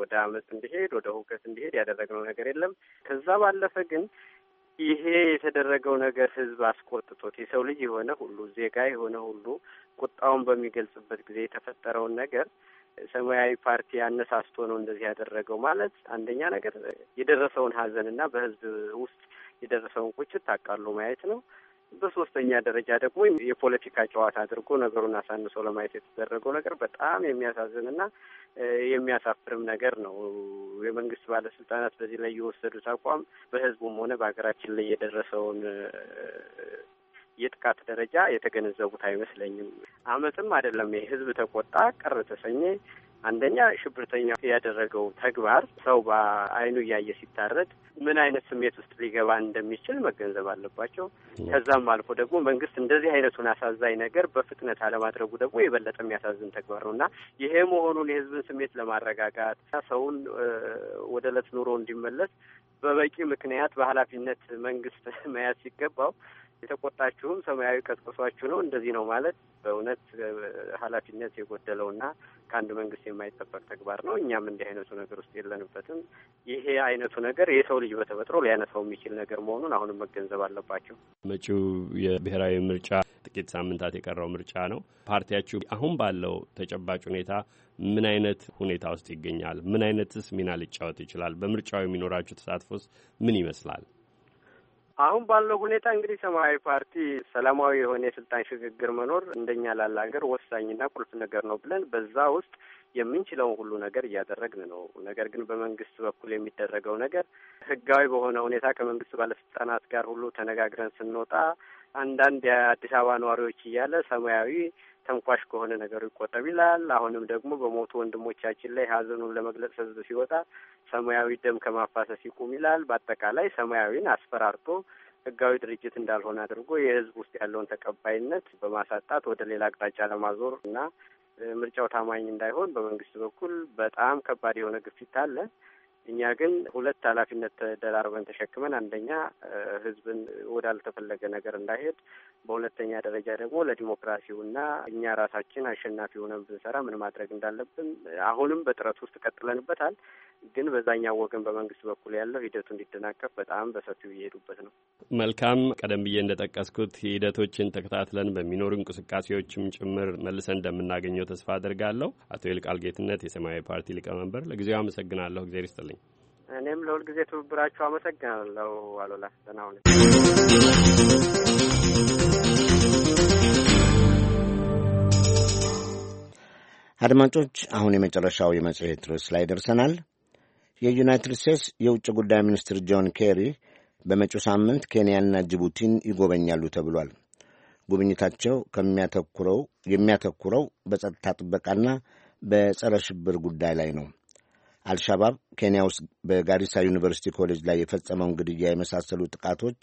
ወደ አመፅ እንዲሄድ ወደ ሁከት እንዲሄድ ያደረግነው ነገር የለም። ከዛ ባለፈ ግን ይሄ የተደረገው ነገር ህዝብ አስቆጥቶት የሰው ልጅ የሆነ ሁሉ ዜጋ የሆነ ሁሉ ቁጣውን በሚገልጽበት ጊዜ የተፈጠረውን ነገር ሰማያዊ ፓርቲ አነሳስቶ ነው እንደዚህ ያደረገው ማለት አንደኛ ነገር የደረሰውን ሀዘን እና በህዝብ ውስጥ የደረሰውን ቁጭት አቃሎ ማየት ነው። በሶስተኛ ደረጃ ደግሞ የፖለቲካ ጨዋታ አድርጎ ነገሩን አሳንሶ ለማየት የተደረገው ነገር በጣም የሚያሳዝንና የሚያሳፍርም ነገር ነው። የመንግስት ባለስልጣናት በዚህ ላይ የወሰዱት አቋም በህዝቡም ሆነ በሀገራችን ላይ የደረሰውን የጥቃት ደረጃ የተገነዘቡት አይመስለኝም። አመትም አይደለም ይሄ ህዝብ ተቆጣ፣ ቅር ተሰኘ አንደኛ ሽብርተኛ ያደረገው ተግባር ሰው በአይኑ እያየ ሲታረድ ምን አይነት ስሜት ውስጥ ሊገባ እንደሚችል መገንዘብ አለባቸው። ከዛም አልፎ ደግሞ መንግስት እንደዚህ አይነቱን አሳዛኝ ነገር በፍጥነት አለማድረጉ ደግሞ የበለጠ የሚያሳዝን ተግባር ነው እና ይሄ መሆኑን የህዝብን ስሜት ለማረጋጋት ሰውን ወደ ዕለት ኑሮ እንዲመለስ በበቂ ምክንያት በኃላፊነት መንግስት መያዝ ሲገባው የተቆጣችሁም ሰማያዊ ቀስቅሷችሁ ነው እንደዚህ ነው ማለት በእውነት ኃላፊነት የጎደለውና ከአንድ መንግስት የማይጠበቅ ተግባር ነው። እኛም እንዲህ አይነቱ ነገር ውስጥ የለንበትም። ይሄ አይነቱ ነገር የሰው ልጅ በተፈጥሮ ሊያነሳው የሚችል ነገር መሆኑን አሁንም መገንዘብ አለባቸው። መጪው የብሔራዊ ምርጫ ጥቂት ሳምንታት የቀረው ምርጫ ነው። ፓርቲያችሁ አሁን ባለው ተጨባጭ ሁኔታ ምን አይነት ሁኔታ ውስጥ ይገኛል? ምን አይነትስ ሚና ሊጫወት ይችላል? በምርጫው የሚኖራችሁ ተሳትፎስ ምን ይመስላል? አሁን ባለው ሁኔታ እንግዲህ ሰማያዊ ፓርቲ ሰላማዊ የሆነ የስልጣን ሽግግር መኖር እንደኛ ላለ ሀገር ወሳኝና ቁልፍ ነገር ነው ብለን በዛ ውስጥ የምንችለውን ሁሉ ነገር እያደረግን ነው። ነገር ግን በመንግስት በኩል የሚደረገው ነገር ህጋዊ በሆነ ሁኔታ ከመንግስት ባለስልጣናት ጋር ሁሉ ተነጋግረን ስንወጣ አንዳንድ የአዲስ አበባ ነዋሪዎች እያለ ሰማያዊ ተንኳሽ ከሆነ ነገሩ ይቆጠብ ይላል። አሁንም ደግሞ በሞቱ ወንድሞቻችን ላይ ሀዘኑን ለመግለጽ ህዝብ ሲወጣ ሰማያዊ ደም ከማፋሰስ ይቁም ይላል። በአጠቃላይ ሰማያዊን አስፈራርቶ ህጋዊ ድርጅት እንዳልሆነ አድርጎ የህዝብ ውስጥ ያለውን ተቀባይነት በማሳጣት ወደ ሌላ አቅጣጫ ለማዞር እና ምርጫው ታማኝ እንዳይሆን በመንግስት በኩል በጣም ከባድ የሆነ ግፊት አለ። እኛ ግን ሁለት ኃላፊነት ተደራርበን ተሸክመን አንደኛ ህዝብን ወዳልተፈለገ ነገር እንዳይሄድ፣ በሁለተኛ ደረጃ ደግሞ ለዲሞክራሲውና እኛ ራሳችን አሸናፊ ሆነን ብንሰራ ምን ማድረግ እንዳለብን አሁንም በጥረት ውስጥ ቀጥለንበታል። ግን በዛኛው ወገን በመንግስት በኩል ያለው ሂደቱ እንዲደናቀፍ በጣም በሰፊው እየሄዱበት ነው። መልካም። ቀደም ብዬ እንደጠቀስኩት ሂደቶችን ተከታትለን በሚኖሩ እንቅስቃሴዎችም ጭምር መልሰን እንደምናገኘው ተስፋ አድርጋለሁ። አቶ ይልቃል ጌትነት የሰማያዊ ፓርቲ ሊቀመንበር፣ ለጊዜው አመሰግናለሁ። እግዜር ይስጥልኝ። እኔም ለሁልጊዜ ትብብራችሁ አመሰግናለሁ። አሉላ ደህና ሁኑ። አድማጮች አሁን የመጨረሻው የመጽሔት ርዕስ ላይ ደርሰናል። የዩናይትድ ስቴትስ የውጭ ጉዳይ ሚኒስትር ጆን ኬሪ በመጪው ሳምንት ኬንያና ጅቡቲን ይጎበኛሉ ተብሏል። ጉብኝታቸው ከሚያተኩረው የሚያተኩረው በጸጥታ ጥበቃና በጸረ ሽብር ጉዳይ ላይ ነው። አልሻባብ ኬንያ ውስጥ በጋሪሳ ዩኒቨርሲቲ ኮሌጅ ላይ የፈጸመውን ግድያ የመሳሰሉ ጥቃቶች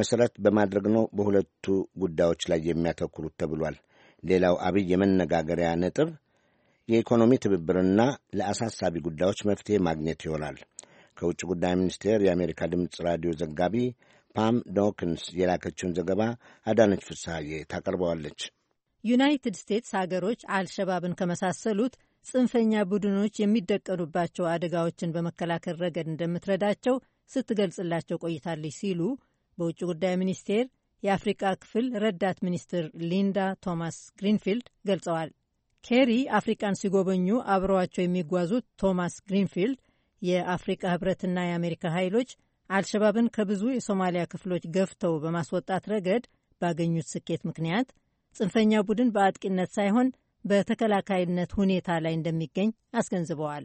መሠረት በማድረግ ነው በሁለቱ ጉዳዮች ላይ የሚያተኩሩት ተብሏል። ሌላው አብይ የመነጋገሪያ ነጥብ የኢኮኖሚ ትብብርና ለአሳሳቢ ጉዳዮች መፍትሄ ማግኘት ይሆናል። ከውጭ ጉዳይ ሚኒስቴር የአሜሪካ ድምፅ ራዲዮ ዘጋቢ ፓም ዶክንስ የላከችውን ዘገባ አዳነች ፍስሐዬ ታቀርበዋለች። ዩናይትድ ስቴትስ ሀገሮች አልሸባብን ከመሳሰሉት ጽንፈኛ ቡድኖች የሚደቀኑባቸው አደጋዎችን በመከላከል ረገድ እንደምትረዳቸው ስትገልጽላቸው ቆይታለች ሲሉ በውጭ ጉዳይ ሚኒስቴር የአፍሪቃ ክፍል ረዳት ሚኒስትር ሊንዳ ቶማስ ግሪንፊልድ ገልጸዋል። ኬሪ አፍሪቃን ሲጎበኙ አብረዋቸው የሚጓዙት ቶማስ ግሪንፊልድ የአፍሪቃ ህብረትና የአሜሪካ ኃይሎች አልሸባብን ከብዙ የሶማሊያ ክፍሎች ገፍተው በማስወጣት ረገድ ባገኙት ስኬት ምክንያት ጽንፈኛ ቡድን በአጥቂነት ሳይሆን በተከላካይነት ሁኔታ ላይ እንደሚገኝ አስገንዝበዋል።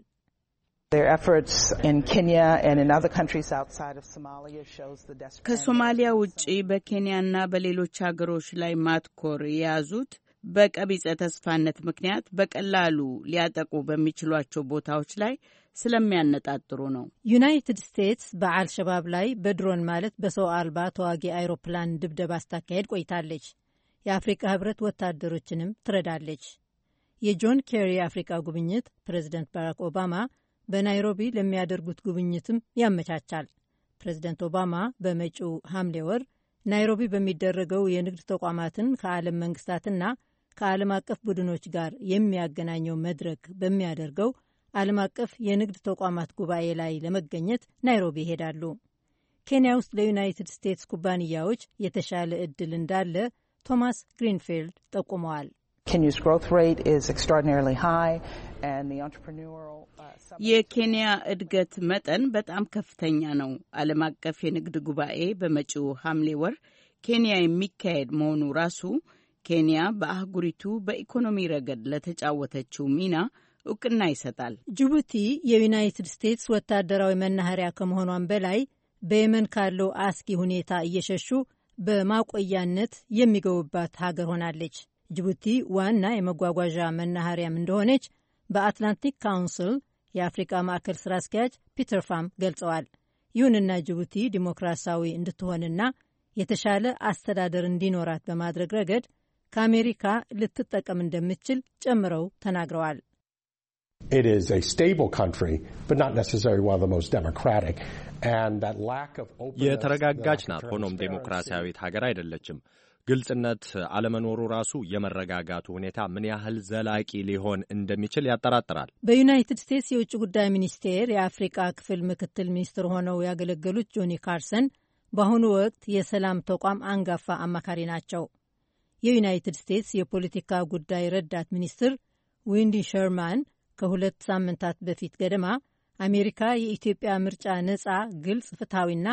ከሶማሊያ ውጪ በኬንያና በሌሎች ሀገሮች ላይ ማትኮር የያዙት በቀቢጸ ተስፋነት ምክንያት በቀላሉ ሊያጠቁ በሚችሏቸው ቦታዎች ላይ ስለሚያነጣጥሩ ነው። ዩናይትድ ስቴትስ በአልሸባብ ላይ በድሮን ማለት በሰው አልባ ተዋጊ አይሮፕላን ድብደባ ስታካሄድ ቆይታለች። የአፍሪካ ሕብረት ወታደሮችንም ትረዳለች። የጆን ኬሪ የአፍሪካ ጉብኝት ፕሬዚደንት ባራክ ኦባማ በናይሮቢ ለሚያደርጉት ጉብኝትም ያመቻቻል። ፕሬዚደንት ኦባማ በመጪው ሐምሌ ወር ናይሮቢ በሚደረገው የንግድ ተቋማትን ከዓለም መንግስታትና ከዓለም አቀፍ ቡድኖች ጋር የሚያገናኘው መድረክ በሚያደርገው ዓለም አቀፍ የንግድ ተቋማት ጉባኤ ላይ ለመገኘት ናይሮቢ ይሄዳሉ። ኬንያ ውስጥ ለዩናይትድ ስቴትስ ኩባንያዎች የተሻለ ዕድል እንዳለ ቶማስ ግሪንፊልድ ጠቁመዋል። Kenya's growth rate is extraordinarily high. Uh, የኬንያ እድገት መጠን በጣም ከፍተኛ ነው። ዓለም አቀፍ የንግድ ጉባኤ በመጪው ሐምሌ ወር ኬንያ የሚካሄድ መሆኑ ራሱ ኬንያ በአህጉሪቱ በኢኮኖሚ ረገድ ለተጫወተችው ሚና እውቅና ይሰጣል። ጅቡቲ የዩናይትድ ስቴትስ ወታደራዊ መናኸሪያ ከመሆኗን በላይ በየመን ካለው አስጊ ሁኔታ እየሸሹ በማቆያነት የሚገቡባት ሀገር ሆናለች። ጅቡቲ ዋና የመጓጓዣ መናኸሪያም እንደሆነች በአትላንቲክ ካውንስል የአፍሪቃ ማዕከል ስራ አስኪያጅ ፒተር ፋም ገልጸዋል። ይሁንና ጅቡቲ ዲሞክራሲያዊ እንድትሆንና የተሻለ አስተዳደር እንዲኖራት በማድረግ ረገድ ከአሜሪካ ልትጠቀም እንደምትችል ጨምረው ተናግረዋል። የተረጋጋች ናት። ሆኖም ዴሞክራሲያዊት ሀገር አይደለችም። ግልጽነት አለመኖሩ ራሱ የመረጋጋቱ ሁኔታ ምን ያህል ዘላቂ ሊሆን እንደሚችል ያጠራጥራል። በዩናይትድ ስቴትስ የውጭ ጉዳይ ሚኒስቴር የአፍሪቃ ክፍል ምክትል ሚኒስትር ሆነው ያገለገሉት ጆኒ ካርሰን በአሁኑ ወቅት የሰላም ተቋም አንጋፋ አማካሪ ናቸው። የዩናይትድ ስቴትስ የፖለቲካ ጉዳይ ረዳት ሚኒስትር ዊንዲ ሸርማን ከሁለት ሳምንታት በፊት ገደማ አሜሪካ የኢትዮጵያ ምርጫ ነፃ፣ ግልጽ፣ ፍትሐዊና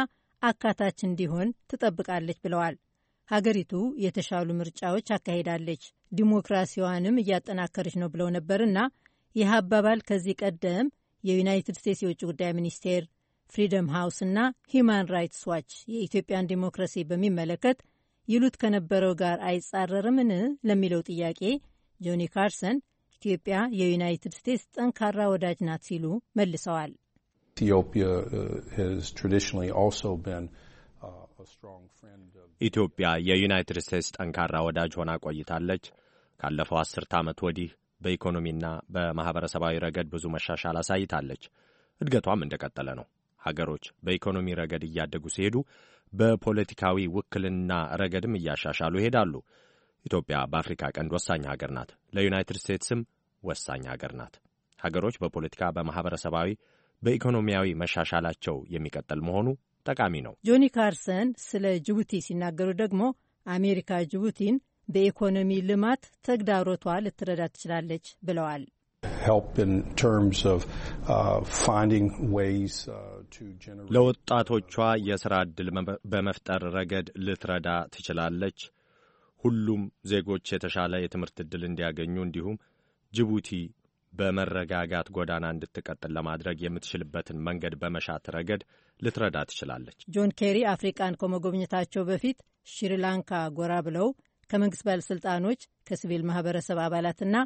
አካታች እንዲሆን ትጠብቃለች ብለዋል። ሀገሪቱ የተሻሉ ምርጫዎች አካሂዳለች፣ ዲሞክራሲዋንም እያጠናከረች ነው ብለው ነበርና ይህ አባባል ከዚህ ቀደም የዩናይትድ ስቴትስ የውጭ ጉዳይ ሚኒስቴር፣ ፍሪደም ሃውስ እና ሂዩማን ራይትስ ዋች የኢትዮጵያን ዲሞክራሲ በሚመለከት ይሉት ከነበረው ጋር አይጻረርምን ለሚለው ጥያቄ ጆኒ ካርሰን ኢትዮጵያ የዩናይትድ ስቴትስ ጠንካራ ወዳጅ ናት ሲሉ መልሰዋል። ኢትዮጵያ ኢትዮጵያ የዩናይትድ ስቴትስ ጠንካራ ወዳጅ ሆና ቆይታለች። ካለፈው አስርተ ዓመት ወዲህ በኢኮኖሚና በማኅበረሰባዊ ረገድ ብዙ መሻሻል አሳይታለች። እድገቷም እንደቀጠለ ነው። ሀገሮች በኢኮኖሚ ረገድ እያደጉ ሲሄዱ በፖለቲካዊ ውክልና ረገድም እያሻሻሉ ይሄዳሉ። ኢትዮጵያ በአፍሪካ ቀንድ ወሳኝ ሀገር ናት። ለዩናይትድ ስቴትስም ወሳኝ ሀገር ናት። ሀገሮች በፖለቲካ፣ በማኅበረሰባዊ፣ በኢኮኖሚያዊ መሻሻላቸው የሚቀጥል መሆኑ ጠቃሚ ነው። ጆኒ ካርሰን ስለ ጅቡቲ ሲናገሩ ደግሞ አሜሪካ ጅቡቲን በኢኮኖሚ ልማት ተግዳሮቷ ልትረዳ ትችላለች ብለዋል። uh, uh, ለወጣቶቿ የሥራ ዕድል በመፍጠር ረገድ ልትረዳ ትችላለች። ሁሉም ዜጎች የተሻለ የትምህርት ዕድል እንዲያገኙ እንዲሁም ጅቡቲ በመረጋጋት ጎዳና እንድትቀጥል ለማድረግ የምትችልበትን መንገድ በመሻት ረገድ ልትረዳ ትችላለች። ጆን ኬሪ አፍሪቃን ከመጎብኘታቸው በፊት ሽሪላንካ ጎራ ብለው ከመንግስት ባለሥልጣኖች፣ ከሲቪል ማህበረሰብ አባላትና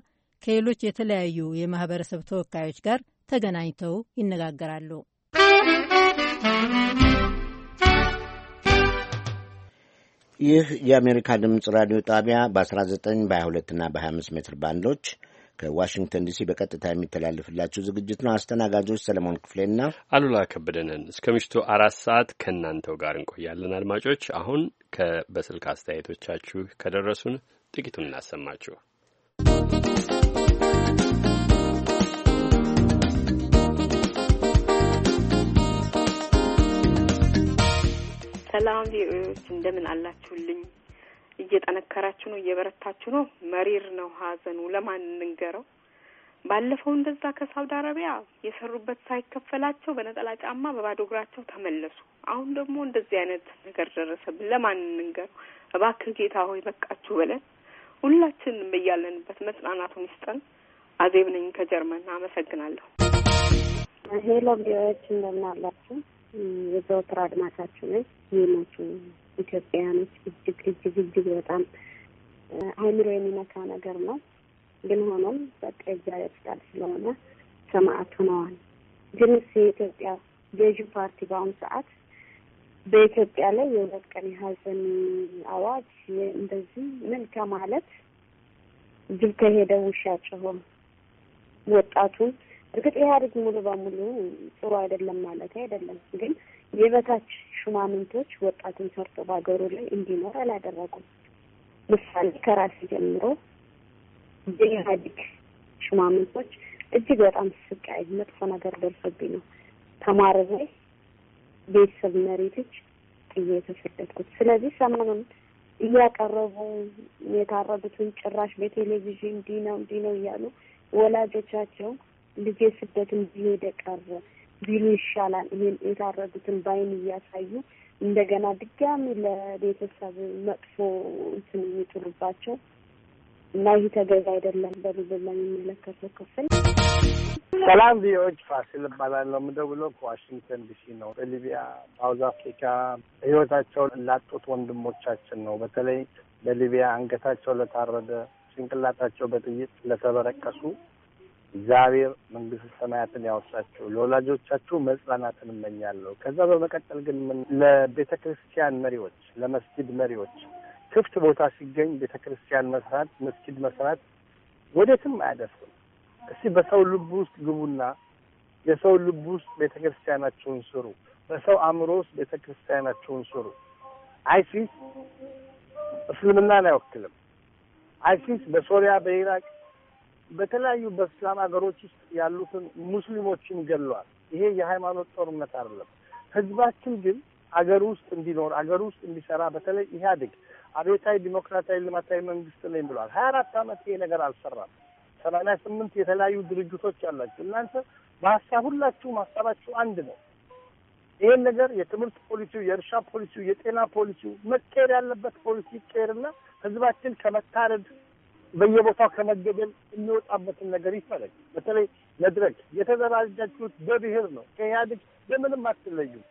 ከሌሎች የተለያዩ የማህበረሰብ ተወካዮች ጋር ተገናኝተው ይነጋገራሉ። ይህ የአሜሪካ ድምፅ ራዲዮ ጣቢያ በ19 በ22ና በ25 ሜትር ባንዶች ከዋሽንግተን ዲሲ በቀጥታ የሚተላልፍላችሁ ዝግጅት ነው። አስተናጋጆች ሰለሞን ክፍሌና አሉላ ከበደንን እስከ ምሽቱ አራት ሰዓት ከእናንተው ጋር እንቆያለን። አድማጮች፣ አሁን በስልክ አስተያየቶቻችሁ ከደረሱን ጥቂቱን እናሰማችሁ። ሰላም ቪኦኤዎች እንደምን አላችሁልኝ? እየጠነከራችሁ ነው፣ እየበረታችሁ ነው። መሪር ነው ሀዘኑ፣ ለማን እንንገረው? ባለፈው እንደዛ ከሳውዲ አረቢያ የሰሩበት ሳይከፈላቸው በነጠላ ጫማ በባዶ እግራቸው ተመለሱ። አሁን ደግሞ እንደዚህ አይነት ነገር ደረሰብን። ለማን እንንገረው? እባክህ ጌታ ሆይ በቃችሁ ብለን ሁላችን በያለንበት መጽናናቱን ይስጠን። አዜብ ነኝ ከጀርመን አመሰግናለሁ። ሄሎ ቪዲዮዎች እንደምን አላችሁ? የዘወትር አድማቻችሁ ነኝ። ይህ ናችሁ ኢትዮጵያውያኖች እጅግ እጅግ እጅግ በጣም አይምሮ የሚነካ ነገር ነው። ግን ሆኖም በቃ የእግዚአብሔር ፍቃድ ስለሆነ ሰማዕት ሆነዋል። ግን የኢትዮጵያ ገዢ ፓርቲ በአሁኑ ሰዓት በኢትዮጵያ ላይ የሁለት ቀን የሀዘን አዋጅ እንደዚህ ምን ከማለት ጅብ ከሄደ ውሻ ጮኸ። ወጣቱን እርግጥ ኢህአዴግ ሙሉ በሙሉ ጥሩ አይደለም ማለት አይደለም ግን የበታች ሹማምንቶች ወጣቱን ሰርቶ በሀገሩ ላይ እንዲኖር አላደረጉም። ምሳሌ ከራሴ ጀምሮ የኢህአዴግ ሹማምንቶች እጅግ በጣም ስቃይ፣ መጥፎ ነገር ደርሶብኝ ነው ላይ ቤተሰብ መሬቶች ጥዬ የተሰደድኩት። ስለዚህ ሰሞኑን እያቀረቡ የታረዱትን ጭራሽ በቴሌቪዥን እንዲህ ነው እንዲህ ነው እያሉ ወላጆቻቸው ልጄ ስደት እንዲሄደ ቀረ ቢሉ ይሻላል። ይሄን የታረዱትን በአይን እያሳዩ እንደገና ድጋሚ ለቤተሰብ መጥፎ እንትን የሚጥሉባቸው እና ይህ ተገቢ አይደለም። በሉብ ለሚመለከተው ክፍል ሰላም ቪዎች ፋሲል እባላለሁ። የምደውለው ከዋሽንግተን ዲሲ ነው። በሊቢያ ሳውዝ አፍሪካ ህይወታቸው ላጡት ወንድሞቻችን ነው። በተለይ በሊቢያ አንገታቸው ለታረደ ጭንቅላታቸው በጥይት ለተበረከሱ እግዚአብሔር መንግስት ሰማያትን ያወርሳችሁ። ለወላጆቻችሁ መጽናናትን እመኛለሁ። ከዛ በመቀጠል ግን ምን ለቤተ ክርስቲያን መሪዎች፣ ለመስጊድ መሪዎች ክፍት ቦታ ሲገኝ ቤተ ክርስቲያን መስራት፣ መስጊድ መስራት ወዴትም አያደርስም። እስቲ በሰው ልብ ውስጥ ግቡና የሰው ልብ ውስጥ ቤተ ክርስቲያናችሁን ስሩ። በሰው አእምሮ ውስጥ ቤተ ክርስቲያናችሁን ስሩ። አይሲስ እስልምናን አይወክልም። አይሲስ በሶሪያ በኢራቅ በተለያዩ በእስላም ሀገሮች ውስጥ ያሉትን ሙስሊሞችን ገሏል። ይሄ የሃይማኖት ጦርነት አይደለም። ህዝባችን ግን አገር ውስጥ እንዲኖር አገር ውስጥ እንዲሰራ በተለይ ኢህአዴግ አቤታዊ ዲሞክራሲያዊ ልማታዊ መንግስት ነኝ ብሏል። ሀያ አራት አመት ይሄ ነገር አልሰራም። ሰማንያ ስምንት የተለያዩ ድርጅቶች አላችሁ እናንተ በሀሳብ ሁላችሁም ሀሳባችሁ አንድ ነው። ይሄን ነገር የትምህርት ፖሊሲው፣ የእርሻ ፖሊሲው፣ የጤና ፖሊሲው መቀየር ያለበት ፖሊሲ ይቀየርና ህዝባችን ከመታረድ በየቦታው ከመገደል የሚወጣበትን ነገር ይፈለግ። በተለይ መድረክ የተደራጃችሁት በብሔር ነው። ከኢህአዴግ በምንም አትለዩም።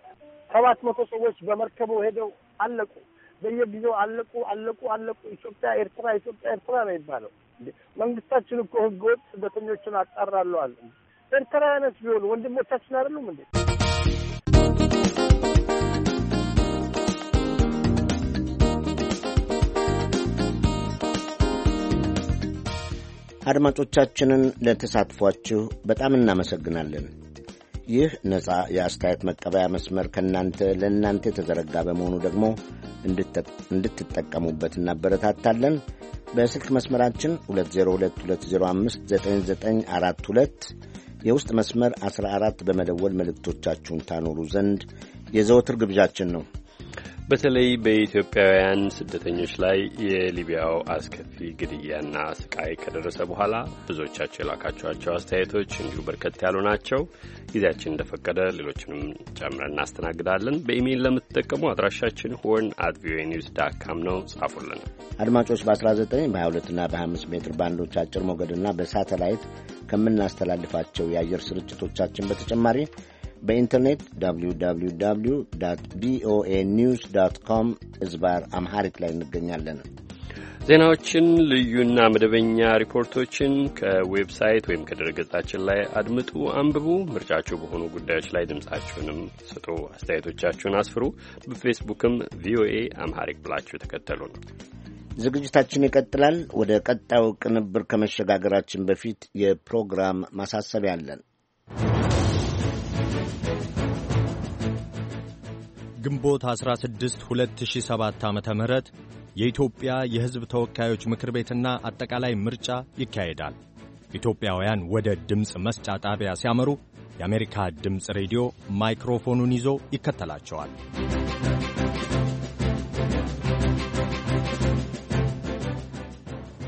ሰባት መቶ ሰዎች በመርከቡ ሄደው አለቁ። በየጊዜው አለቁ አለቁ አለቁ። ኢትዮጵያ ኤርትራ፣ ኢትዮጵያ ኤርትራ ነው የሚባለው። መንግስታችን እኮ ህገወጥ ስደተኞችን አጣራለዋል። ኤርትራውያንስ ቢሆኑ ወንድሞቻችን አይደሉም እንዴ? አድማጮቻችንን ለተሳትፏችሁ በጣም እናመሰግናለን። ይህ ነፃ የአስተያየት መቀበያ መስመር ከእናንተ ለእናንተ የተዘረጋ በመሆኑ ደግሞ እንድትጠቀሙበት እናበረታታለን። በስልክ መስመራችን 2022059942 የውስጥ መስመር 14 በመደወል መልእክቶቻችሁን ታኖሩ ዘንድ የዘወትር ግብዣችን ነው። በተለይ በኢትዮጵያውያን ስደተኞች ላይ የሊቢያው አስከፊ ግድያና ስቃይ ከደረሰ በኋላ ብዙዎቻቸው የላካቸኋቸው አስተያየቶች እንዲሁ በርከት ያሉ ናቸው። ጊዜያችን እንደፈቀደ ሌሎችንም ጨምረን እናስተናግዳለን። በኢሜይል ለምትጠቀሙ አድራሻችን ሆርን አት ቪኦኤ ኒውስ ዳት ካም ነው። ጻፉልን። አድማጮች በ19 በ22ና በ25 ሜትር ባንዶች አጭር ሞገድና በሳተላይት ከምናስተላልፋቸው የአየር ስርጭቶቻችን በተጨማሪ በኢንተርኔት www ቪኦኤ ኒውስ ዳት ኮም እዝባር አምሃሪክ ላይ እንገኛለን። ዜናዎችን፣ ልዩና መደበኛ ሪፖርቶችን ከዌብሳይት ወይም ከድረገጻችን ላይ አድምጡ፣ አንብቡ። ምርጫችሁ በሆኑ ጉዳዮች ላይ ድምጻችሁንም ስጡ፣ አስተያየቶቻችሁን አስፍሩ። በፌስቡክም ቪኦኤ አምሃሪክ ብላችሁ ተከተሉን። ዝግጅታችን ይቀጥላል። ወደ ቀጣዩ ቅንብር ከመሸጋገራችን በፊት የፕሮግራም ማሳሰቢያ አለን። ግንቦት 16 2007 ዓ ም የኢትዮጵያ የሕዝብ ተወካዮች ምክር ቤትና አጠቃላይ ምርጫ ይካሄዳል። ኢትዮጵያውያን ወደ ድምፅ መስጫ ጣቢያ ሲያመሩ የአሜሪካ ድምፅ ሬዲዮ ማይክሮፎኑን ይዞ ይከተላቸዋል።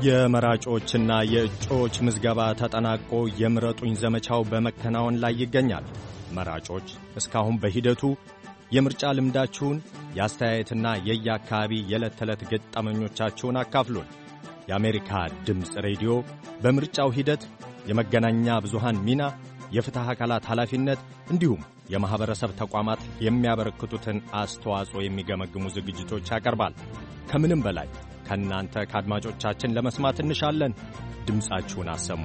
የመራጮችና የእጩዎች ምዝገባ ተጠናቆ የምረጡኝ ዘመቻው በመከናወን ላይ ይገኛል። መራጮች እስካሁን በሂደቱ የምርጫ ልምዳችሁን፣ የአስተያየትና የየአካባቢ የዕለት ተዕለት ገጠመኞቻችሁን አካፍሉን። የአሜሪካ ድምፅ ሬዲዮ በምርጫው ሂደት የመገናኛ ብዙሃን ሚና፣ የፍትሕ አካላት ኃላፊነት እንዲሁም የማኅበረሰብ ተቋማት የሚያበረክቱትን አስተዋጽኦ የሚገመግሙ ዝግጅቶች ያቀርባል። ከምንም በላይ ከእናንተ ከአድማጮቻችን ለመስማት እንሻለን። ድምፃችሁን አሰሙ።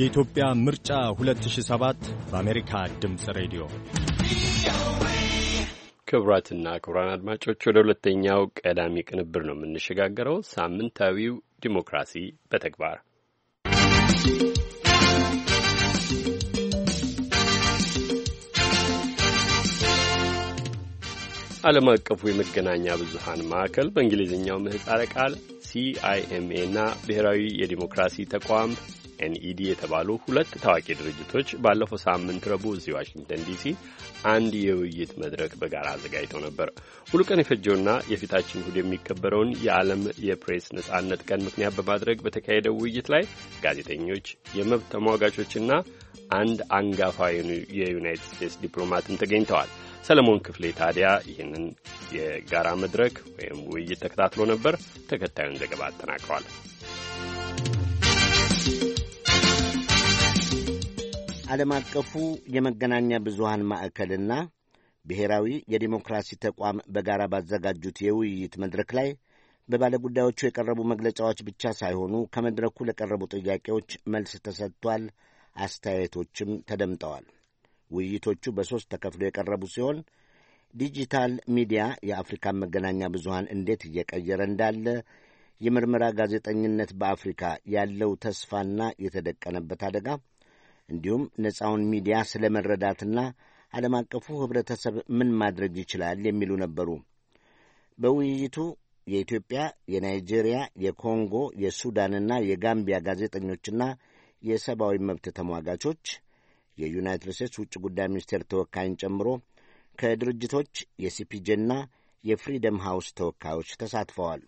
የኢትዮጵያ ምርጫ 2007 በአሜሪካ ድምፅ ሬዲዮ። ክቡራትና ክቡራን አድማጮች ወደ ሁለተኛው ቀዳሚ ቅንብር ነው የምንሸጋገረው። ሳምንታዊው ዲሞክራሲ በተግባር ዓለም አቀፉ የመገናኛ ብዙሃን ማዕከል በእንግሊዝኛው ምህጻረ ቃል ሲአይኤምኤ እና ብሔራዊ የዲሞክራሲ ተቋም ኤንኢዲ የተባሉ ሁለት ታዋቂ ድርጅቶች ባለፈው ሳምንት ረቡዕ እዚህ ዋሽንግተን ዲሲ አንድ የውይይት መድረክ በጋራ አዘጋጅተው ነበር። ሙሉ ቀን የፈጀውና የፊታችን እሁድ የሚከበረውን የዓለም የፕሬስ ነጻነት ቀን ምክንያት በማድረግ በተካሄደው ውይይት ላይ ጋዜጠኞች፣ የመብት ተሟጋቾችና አንድ አንጋፋ የዩናይትድ ስቴትስ ዲፕሎማትም ተገኝተዋል። ሰለሞን ክፍሌ ታዲያ ይህንን የጋራ መድረክ ወይም ውይይት ተከታትሎ ነበር። ተከታዩን ዘገባ አጠናቅሯል። ዓለም አቀፉ የመገናኛ ብዙሃን ማዕከልና ብሔራዊ የዲሞክራሲ ተቋም በጋራ ባዘጋጁት የውይይት መድረክ ላይ በባለጉዳዮቹ የቀረቡ መግለጫዎች ብቻ ሳይሆኑ ከመድረኩ ለቀረቡ ጥያቄዎች መልስ ተሰጥቷል። አስተያየቶችም ተደምጠዋል። ውይይቶቹ በሦስት ተከፍሎ የቀረቡ ሲሆን ዲጂታል ሚዲያ የአፍሪካን መገናኛ ብዙሃን እንዴት እየቀየረ እንዳለ፣ የምርመራ ጋዜጠኝነት በአፍሪካ ያለው ተስፋና የተደቀነበት አደጋ፣ እንዲሁም ነፃውን ሚዲያ ስለ መረዳትና ዓለም አቀፉ ኅብረተሰብ ምን ማድረግ ይችላል የሚሉ ነበሩ። በውይይቱ የኢትዮጵያ፣ የናይጄሪያ፣ የኮንጎ፣ የሱዳንና የጋምቢያ ጋዜጠኞችና የሰብአዊ መብት ተሟጋቾች የዩናይትድ ስቴትስ ውጭ ጉዳይ ሚኒስቴር ተወካይን ጨምሮ ከድርጅቶች የሲፒጄና የፍሪደም ሃውስ ተወካዮች ተሳትፈዋል።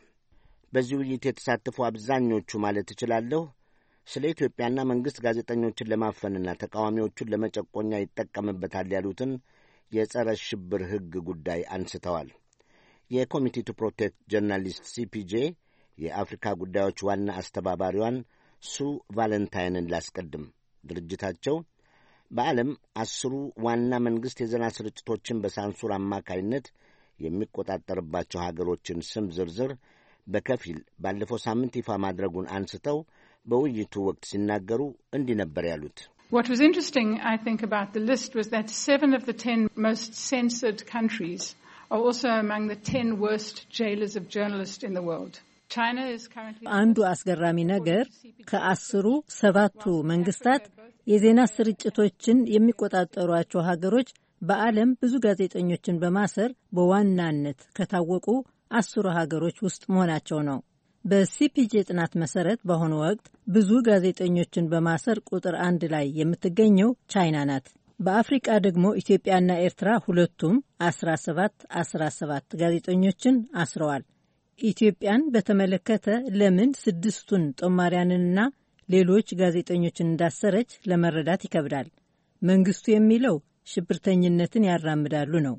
በዚህ ውይይት የተሳተፉ አብዛኞቹ ማለት እችላለሁ ስለ ኢትዮጵያና መንግሥት ጋዜጠኞችን ለማፈንና ተቃዋሚዎቹን ለመጨቆኛ ይጠቀምበታል ያሉትን የጸረ ሽብር ሕግ ጉዳይ አንስተዋል። የኮሚቴ ቱ ፕሮቴክት ጀርናሊስት ሲፒጄ የአፍሪካ ጉዳዮች ዋና አስተባባሪዋን ሱ ቫለንታይንን ላስቀድም። ድርጅታቸው በዓለም አስሩ ዋና መንግሥት የዜና ስርጭቶችን በሳንሱር አማካይነት የሚቆጣጠርባቸው ሀገሮችን ስም ዝርዝር በከፊል ባለፈው ሳምንት ይፋ ማድረጉን አንስተው በውይይቱ ወቅት ሲናገሩ እንዲህ ነበር ያሉት። What was interesting, I think, about the list was that seven of the ten most censored countries are also among the ten worst jailers of journalists in the world. አንዱ አስገራሚ ነገር ከአስሩ ሰባቱ መንግስታት የዜና ስርጭቶችን የሚቆጣጠሯቸው ሀገሮች በዓለም ብዙ ጋዜጠኞችን በማሰር በዋናነት ከታወቁ አስሩ ሀገሮች ውስጥ መሆናቸው ነው። በሲፒጂ ጥናት መሰረት በአሁኑ ወቅት ብዙ ጋዜጠኞችን በማሰር ቁጥር አንድ ላይ የምትገኘው ቻይና ናት። በአፍሪቃ ደግሞ ኢትዮጵያና ኤርትራ ሁለቱም 17 17 ጋዜጠኞችን አስረዋል። ኢትዮጵያን በተመለከተ ለምን ስድስቱን ጦማሪያንንና ሌሎች ጋዜጠኞችን እንዳሰረች ለመረዳት ይከብዳል። መንግስቱ የሚለው ሽብርተኝነትን ያራምዳሉ ነው።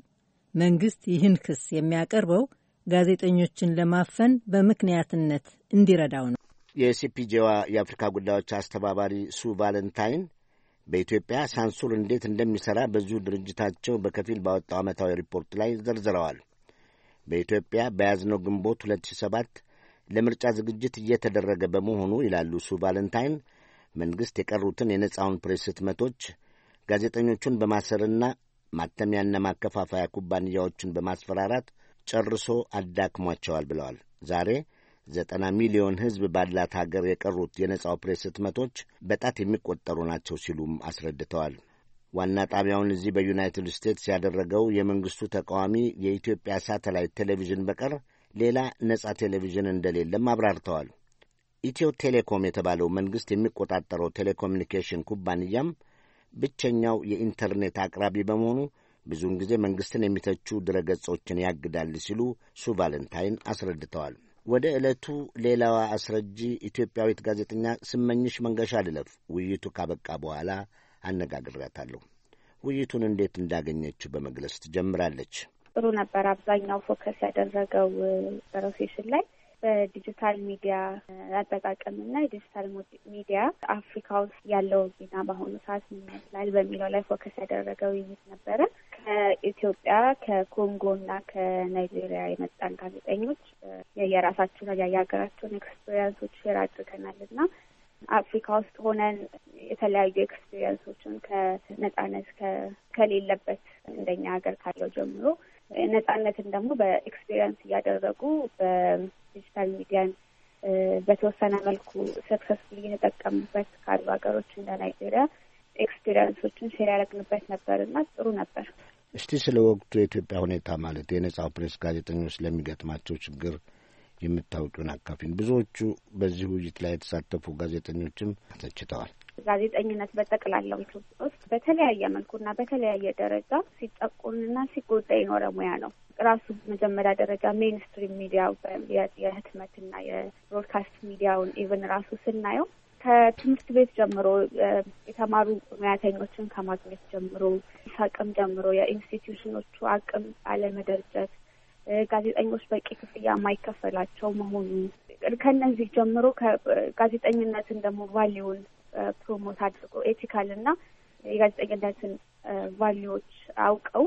መንግስት ይህን ክስ የሚያቀርበው ጋዜጠኞችን ለማፈን በምክንያትነት እንዲረዳው ነው። የሲፒጄዋ የአፍሪካ ጉዳዮች አስተባባሪ ሱ ቫለንታይን በኢትዮጵያ ሳንሱር እንዴት እንደሚሠራ በዚሁ ድርጅታቸው በከፊል ባወጣው ዓመታዊ ሪፖርት ላይ ዘርዝረዋል። በኢትዮጵያ በያዝነው ግንቦት 2007 ለምርጫ ዝግጅት እየተደረገ በመሆኑ ይላሉ ሱ ቫለንታይን፣ መንግሥት የቀሩትን የነጻውን ፕሬስ ህትመቶች ጋዜጠኞቹን በማሰርና ማተሚያና ማከፋፈያ ኩባንያዎችን በማስፈራራት ጨርሶ አዳክሟቸዋል ብለዋል። ዛሬ ዘጠና ሚሊዮን ሕዝብ ባላት ሀገር የቀሩት የነጻው ፕሬስ ህትመቶች በጣት የሚቆጠሩ ናቸው ሲሉም አስረድተዋል። ዋና ጣቢያውን እዚህ በዩናይትድ ስቴትስ ያደረገው የመንግሥቱ ተቃዋሚ የኢትዮጵያ ሳተላይት ቴሌቪዥን በቀር ሌላ ነጻ ቴሌቪዥን እንደሌለም አብራርተዋል። ኢትዮ ቴሌኮም የተባለው መንግሥት የሚቆጣጠረው ቴሌኮሚኒኬሽን ኩባንያም ብቸኛው የኢንተርኔት አቅራቢ በመሆኑ ብዙውን ጊዜ መንግሥትን የሚተቹ ድረገጾችን ያግዳል ሲሉ ሱ ቫለንታይን አስረድተዋል። ወደ ዕለቱ ሌላዋ አስረጂ ኢትዮጵያዊት ጋዜጠኛ ስመኝሽ መንገሻ ልለፍ። ውይይቱ ካበቃ በኋላ አነጋግሬያታለሁ። ውይይቱን እንዴት እንዳገኘችው በመግለጽ ትጀምራለች። ጥሩ ነበር። አብዛኛው ፎከስ ያደረገው ፕሮፌሽን ላይ በዲጂታል ሚዲያ አጠቃቀምና የዲጂታል ሚዲያ አፍሪካ ውስጥ ያለውን ዜና በአሁኑ ሰዓት ምን ይመስላል በሚለው ላይ ፎከስ ያደረገ ውይይት ነበረ። ከኢትዮጵያ ከኮንጎና ከናይጄሪያ የመጣን ጋዜጠኞች የራሳቸውን የሀገራቸውን ኤክስፔሪንሶች ሼር አድርገናል እና አፍሪካ ውስጥ ሆነን የተለያዩ ኤክስፔሪንሶችን ከነጻነት ከሌለበት እንደኛ ሀገር ካለው ጀምሮ ነጻነትን ደግሞ በኤክስፔሪንስ እያደረጉ በዲጂታል ሚዲያን በተወሰነ መልኩ ሰክሰስፉል እየተጠቀሙበት ካሉ ሀገሮች እንደ ናይጄሪያ ኤክስፔሪንሶችን ሼር ያደረግንበት ነበር እና ጥሩ ነበር። እስቲ ስለ ወቅቱ የኢትዮጵያ ሁኔታ ማለት የነጻው ፕሬስ ጋዜጠኞች ስለሚገጥማቸው ችግር የምታውጡን አካፊን። ብዙዎቹ በዚህ ውይይት ላይ የተሳተፉ ጋዜጠኞችም ተችተዋል። ጋዜጠኝነት በጠቅላላው ኢትዮጵያ ውስጥ በተለያየ መልኩና በተለያየ ደረጃ ሲጠቁንና ሲጎዳ የኖረ ሙያ ነው። ራሱ መጀመሪያ ደረጃ ሜንስትሪም ሚዲያ የህትመትና የብሮድካስት ሚዲያውን ኢቨን ራሱ ስናየው ከትምህርት ቤት ጀምሮ የተማሩ ሙያተኞችን ከማግኘት ጀምሮ አቅም ጀምሮ የኢንስቲትዩሽኖቹ አቅም አለመደርጀት፣ ጋዜጠኞች በቂ ክፍያ የማይከፈላቸው መሆኑ ከእነዚህ ጀምሮ ጋዜጠኝነትን ደግሞ ቫሊውን ፕሮሞት አድርጎ ኤቲካል እና የጋዜጠኝነትን ቫሊዎች አውቀው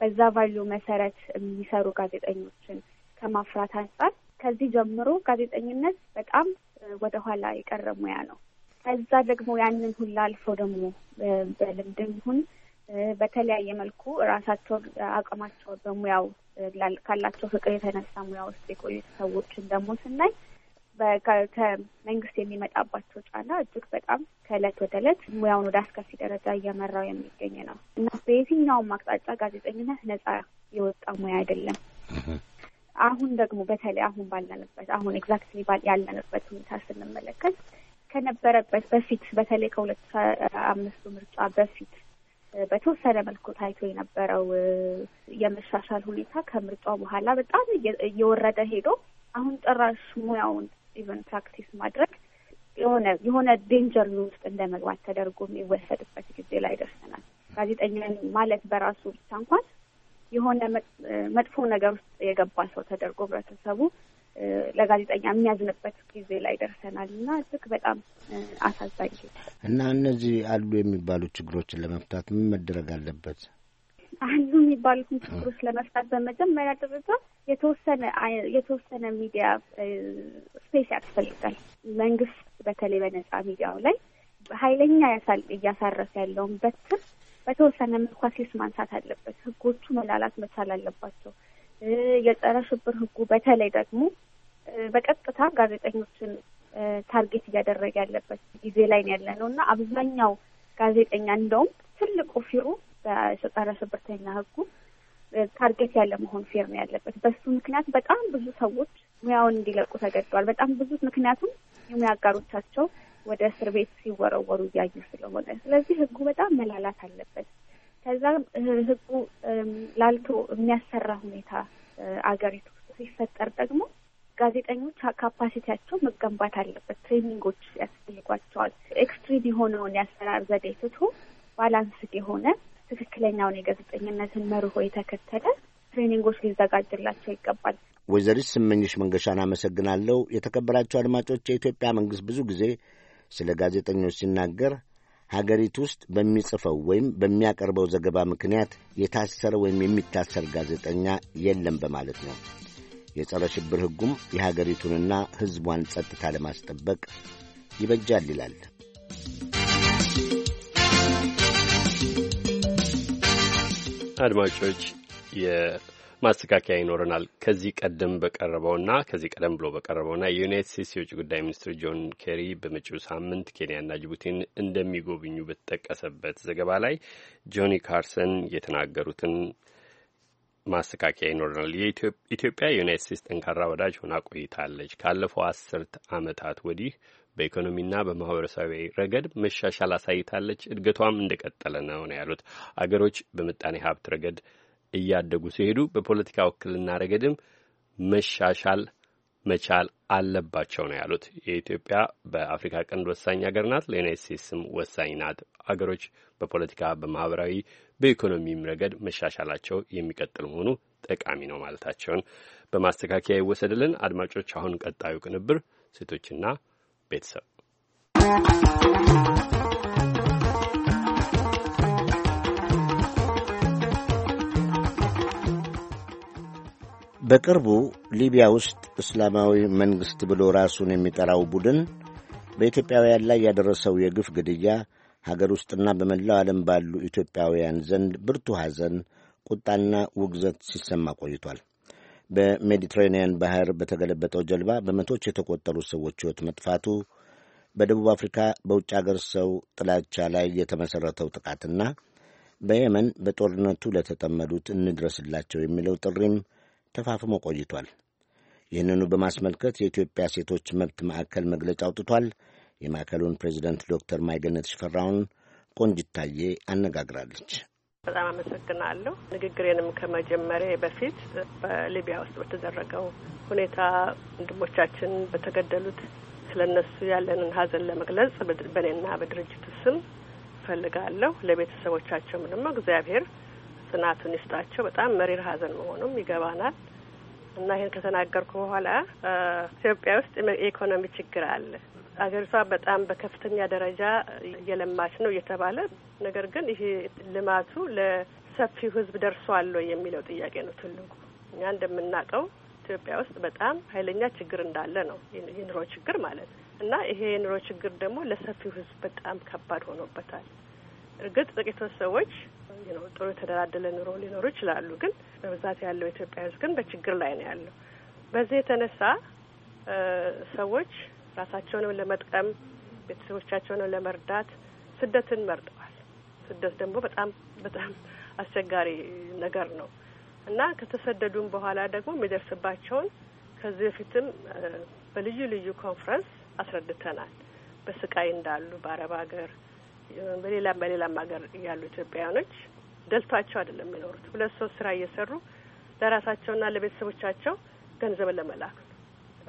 በዛ ቫሊዩ መሰረት የሚሰሩ ጋዜጠኞችን ከማፍራት አንጻር ከዚህ ጀምሮ ጋዜጠኝነት በጣም ወደኋላ የቀረ ሙያ ነው። ከዛ ደግሞ ያንን ሁላ አልፈው ደግሞ በልምድም ይሁን በተለያየ መልኩ ራሳቸው አቅማቸው በሙያው ካላቸው ፍቅር የተነሳ ሙያ ውስጥ የቆዩት ሰዎችን ደግሞ ስናይ ከመንግስት የሚመጣባቸው ጫና እጅግ በጣም ከእለት ወደ እለት ሙያውን ወደ አስከፊ ደረጃ እየመራው የሚገኝ ነው እና በየትኛውም አቅጣጫ ጋዜጠኝነት ነጻ የወጣ ሙያ አይደለም። አሁን ደግሞ በተለይ አሁን ባለንበት አሁን ኤግዛክትሊ ያለንበት ሁኔታ ስንመለከት ከነበረበት በፊት በተለይ ከሁለት አምስቱ ምርጫ በፊት በተወሰነ መልኩ ታይቶ የነበረው የመሻሻል ሁኔታ ከምርጫው በኋላ በጣም እየወረደ ሄዶ አሁን ጭራሽ ሙያውን ኢቨን ፕራክቲስ ማድረግ የሆነ የሆነ ዴንጀር ውስጥ እንደ መግባት ተደርጎ የሚወሰድበት ጊዜ ላይ ደርሰናል። ጋዜጠኛን ማለት በራሱ ብቻ እንኳን የሆነ መጥፎ ነገር ውስጥ የገባ ሰው ተደርጎ ህብረተሰቡ ለጋዜጠኛ የሚያዝንበት ጊዜ ላይ ደርሰናል እና እጅግ በጣም አሳዛኝ እና እነዚህ አሉ የሚባሉ ችግሮችን ለመፍታት ምን መደረግ አለበት? አንዱ የሚባሉትን ችግሮች ለመፍታት በመጀመሪያ ደረጃ የተወሰነ የተወሰነ ሚዲያ ስፔስ ያስፈልጋል። መንግስት በተለይ በነጻ ሚዲያው ላይ ኃይለኛ እያሳረፈ ያለውን በትር በተወሰነ መልኩ ማንሳት አለበት። ህጎቹ መላላት መቻል አለባቸው። የጸረ ሽብር ህጉ በተለይ ደግሞ በቀጥታ ጋዜጠኞችን ታርጌት እያደረገ ያለበት ጊዜ ላይ ያለ ነው እና አብዛኛው ጋዜጠኛ እንደውም ትልቁ ፊሩ በጸረ ሽብርተኛ ህጉ ታርጌት ያለ መሆን ፊርም ያለበት በሱ ምክንያት በጣም ብዙ ሰዎች ሙያውን እንዲለቁ ተገደዋል። በጣም ብዙ ምክንያቱም የሙያ አጋሮቻቸው ወደ እስር ቤት ሲወረወሩ እያዩ ስለሆነ፣ ስለዚህ ህጉ በጣም መላላት አለበት። ከዛ ህጉ ላልቶ የሚያሰራ ሁኔታ አገሪቱ ውስጥ ሲፈጠር ደግሞ ጋዜጠኞች ካፓሲቲያቸው መገንባት አለበት። ትሬኒንጎች ያስፈልጓቸዋል። ኤክስትሪም የሆነውን የአሰራር ዘዴ ትቶ ባላንስ የሆነ ትክክለኛውን የጋዜጠኝነትን መርሆ የተከተለ ትሬኒንጎች ሊዘጋጅላቸው ይገባል። ወይዘሪት ስመኝሽ መንገሻን አመሰግናለሁ። የተከበራቸው አድማጮች፣ የኢትዮጵያ መንግሥት ብዙ ጊዜ ስለ ጋዜጠኞች ሲናገር ሀገሪቱ ውስጥ በሚጽፈው ወይም በሚያቀርበው ዘገባ ምክንያት የታሰረ ወይም የሚታሰር ጋዜጠኛ የለም በማለት ነው። የጸረ ሽብር ሕጉም የሀገሪቱንና ሕዝቧን ጸጥታ ለማስጠበቅ ይበጃል ይላል። አድማጮች ማስተካከያ ይኖረናል። ከዚህ ቀደም በቀረበውና ከዚህ ቀደም ብሎ በቀረበውና የዩናይትድ ስቴትስ የውጭ ጉዳይ ሚኒስትር ጆን ኬሪ በመጪው ሳምንት ኬንያና ጅቡቲን እንደሚጎብኙ በተጠቀሰበት ዘገባ ላይ ጆኒ ካርሰን የተናገሩትን ማስተካከያ ይኖረናል። ኢትዮጵያ የዩናይትድ ስቴትስ ጠንካራ ወዳጅ ሆና ቆይታለች። ካለፈው አስርት ዓመታት ወዲህ በኢኮኖሚና በማህበረሰባዊ ረገድ መሻሻል አሳይታለች፣ እድገቷም እንደቀጠለ ነው ነው ያሉት። አገሮች በምጣኔ ሀብት ረገድ እያደጉ ሲሄዱ በፖለቲካ ውክልና ረገድም መሻሻል መቻል አለባቸው ነው ያሉት። የኢትዮጵያ በአፍሪካ ቀንድ ወሳኝ ሀገር ናት፣ ለዩናይት ስቴትስም ወሳኝ ናት። አገሮች በፖለቲካ በማህበራዊ፣ በኢኮኖሚም ረገድ መሻሻላቸው የሚቀጥል መሆኑ ጠቃሚ ነው ማለታቸውን በማስተካከያ ይወሰድልን። አድማጮች፣ አሁን ቀጣዩ ቅንብር ሴቶችና ቤተሰብ በቅርቡ ሊቢያ ውስጥ እስላማዊ መንግሥት ብሎ ራሱን የሚጠራው ቡድን በኢትዮጵያውያን ላይ ያደረሰው የግፍ ግድያ ሀገር ውስጥና በመላው ዓለም ባሉ ኢትዮጵያውያን ዘንድ ብርቱ ሐዘን፣ ቁጣና ውግዘት ሲሰማ ቆይቷል። በሜዲትሬንያን ባህር በተገለበጠው ጀልባ በመቶች የተቆጠሩ ሰዎች ሕይወት መጥፋቱ፣ በደቡብ አፍሪካ በውጭ አገር ሰው ጥላቻ ላይ የተመሠረተው ጥቃትና በየመን በጦርነቱ ለተጠመዱት እንድረስላቸው የሚለው ጥሪም ተፋፍሞ ቆይቷል። ይህንኑ በማስመልከት የኢትዮጵያ ሴቶች መብት ማዕከል መግለጫ አውጥቷል። የማዕከሉን ፕሬዚደንት ዶክተር ማይገነት ሽፈራውን ቆንጅታዬ አነጋግራለች። በጣም አመሰግናለሁ። ንግግሬንም ከመጀመሪያ በፊት በሊቢያ ውስጥ በተደረገው ሁኔታ ወንድሞቻችን በተገደሉት ስለ እነሱ ያለንን ሀዘን ለመግለጽ በእኔና በድርጅቱ ስም እፈልጋለሁ። ለቤተሰቦቻቸውም ደግሞ እግዚአብሔር ጽናቱን ይስጣቸው። በጣም መሪር ሀዘን መሆኑም ይገባናል እና ይህን ከተናገርኩ በኋላ ኢትዮጵያ ውስጥ የኢኮኖሚ ችግር አለ። አገሪቷ በጣም በከፍተኛ ደረጃ እየለማች ነው እየተባለ ነገር ግን ይሄ ልማቱ ለሰፊው ህዝብ ደርሷል የሚለው ጥያቄ ነው ትልቁ። እኛ እንደምናውቀው ኢትዮጵያ ውስጥ በጣም ኃይለኛ ችግር እንዳለ ነው የኑሮ ችግር ማለት እና ይሄ የኑሮ ችግር ደግሞ ለሰፊው ህዝብ በጣም ከባድ ሆኖበታል። እርግጥ ጥቂቶች ሰዎች ጥሩ የተደላደለ ኑሮ ሊኖሩ ይችላሉ፣ ግን በብዛት ያለው ኢትዮጵያ ህዝብ ግን በችግር ላይ ነው ያለው። በዚህ የተነሳ ሰዎች ራሳቸውንም ለመጥቀም ቤተሰቦቻቸውንም ለመርዳት ስደትን መርጠዋል። ስደት ደግሞ በጣም በጣም አስቸጋሪ ነገር ነው እና ከተሰደዱም በኋላ ደግሞ የሚደርስባቸውን ከዚህ በፊትም በልዩ ልዩ ኮንፈረንስ አስረድተናል። በስቃይ እንዳሉ በአረብ ሀገር በሌላም በሌላም ሀገር ያሉ ኢትዮጵያውያኖች ደልቷቸው አይደለም የሚኖሩት። ሁለት ሶስት ስራ እየሰሩ ለራሳቸውና ለቤተሰቦቻቸው ገንዘብ ለመላክ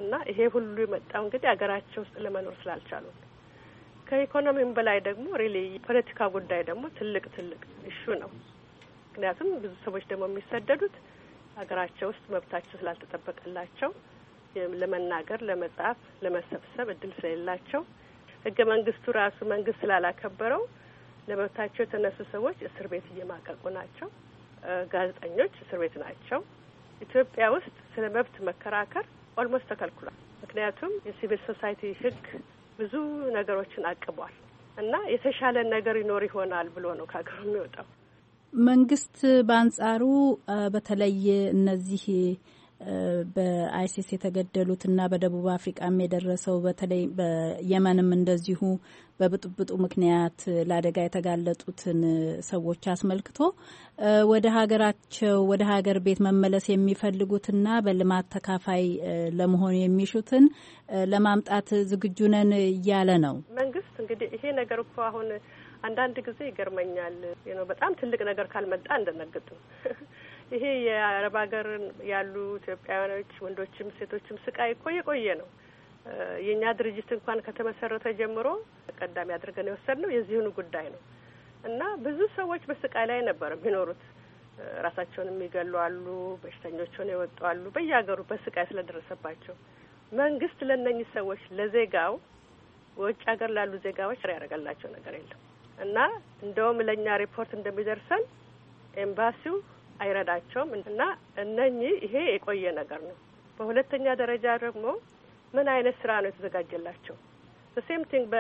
እና ይሄ ሁሉ የመጣው እንግዲህ ሀገራቸው ውስጥ ለመኖር ስላልቻሉ ከኢኮኖሚም በላይ ደግሞ ሪሊ ፖለቲካ ጉዳይ ደግሞ ትልቅ ትልቅ እሹ ነው። ምክንያቱም ብዙ ሰዎች ደግሞ የሚሰደዱት ሀገራቸው ውስጥ መብታቸው ስላልተጠበቀላቸው ለመናገር፣ ለመጻፍ፣ ለመሰብሰብ እድል ስለሌላቸው ህገ መንግስቱ ራሱ መንግስት ስላላከበረው ለመብታቸው የተነሱ ሰዎች እስር ቤት እየማቀቁ ናቸው። ጋዜጠኞች እስር ቤት ናቸው። ኢትዮጵያ ውስጥ ስለ መብት መከራከር ኦልሞስት ተከልክሏል። ምክንያቱም የሲቪል ሶሳይቲ ህግ ብዙ ነገሮችን አቅቧል እና የተሻለ ነገር ይኖር ይሆናል ብሎ ነው ከሀገሩ የሚወጣው። መንግስት በአንጻሩ በተለይ እነዚህ በአይሲስ እና በደቡብ አፍሪቃም የደረሰው በተለይ በየመንም እንደዚሁ በብጥብጡ ምክንያት ለአደጋ የተጋለጡትን ሰዎች አስመልክቶ ወደ ሀገራቸው ወደ ሀገር ቤት መመለስ የሚፈልጉትና በልማት ተካፋይ ለመሆን የሚሹትን ለማምጣት ዝግጁ ነን እያለ ነው መንግስት። እንግዲህ ይሄ ነገር እኮ አሁን አንዳንድ ጊዜ ይገርመኛል በጣም ትልቅ ነገር ካልመጣ እንደነግጡ ይሄ የአረብ ሀገር ያሉ ኢትዮጵያውያኖች ወንዶችም ሴቶችም ስቃይ እኮ የቆየ ነው። የእኛ ድርጅት እንኳን ከተመሰረተ ጀምሮ ተቀዳሚ አድርገን የወሰድነው የዚህኑ ጉዳይ ነው እና ብዙ ሰዎች በስቃይ ላይ ነበር የሚኖሩት። ራሳቸውን የሚገሉ አሉ፣ በሽተኞች ሆነው የወጡ አሉ፣ በየሀገሩ በስቃይ ስለደረሰባቸው መንግስት ለእነኝህ ሰዎች ለዜጋው በውጭ ሀገር ላሉ ዜጋዎች ያደረገላቸው ነገር የለም እና እንደውም ለእኛ ሪፖርት እንደሚደርሰን ኤምባሲው አይረዳቸውም እና እነኚህ ይሄ የቆየ ነገር ነው። በሁለተኛ ደረጃ ደግሞ ምን አይነት ስራ ነው የተዘጋጀላቸው? ሴም ቲንግ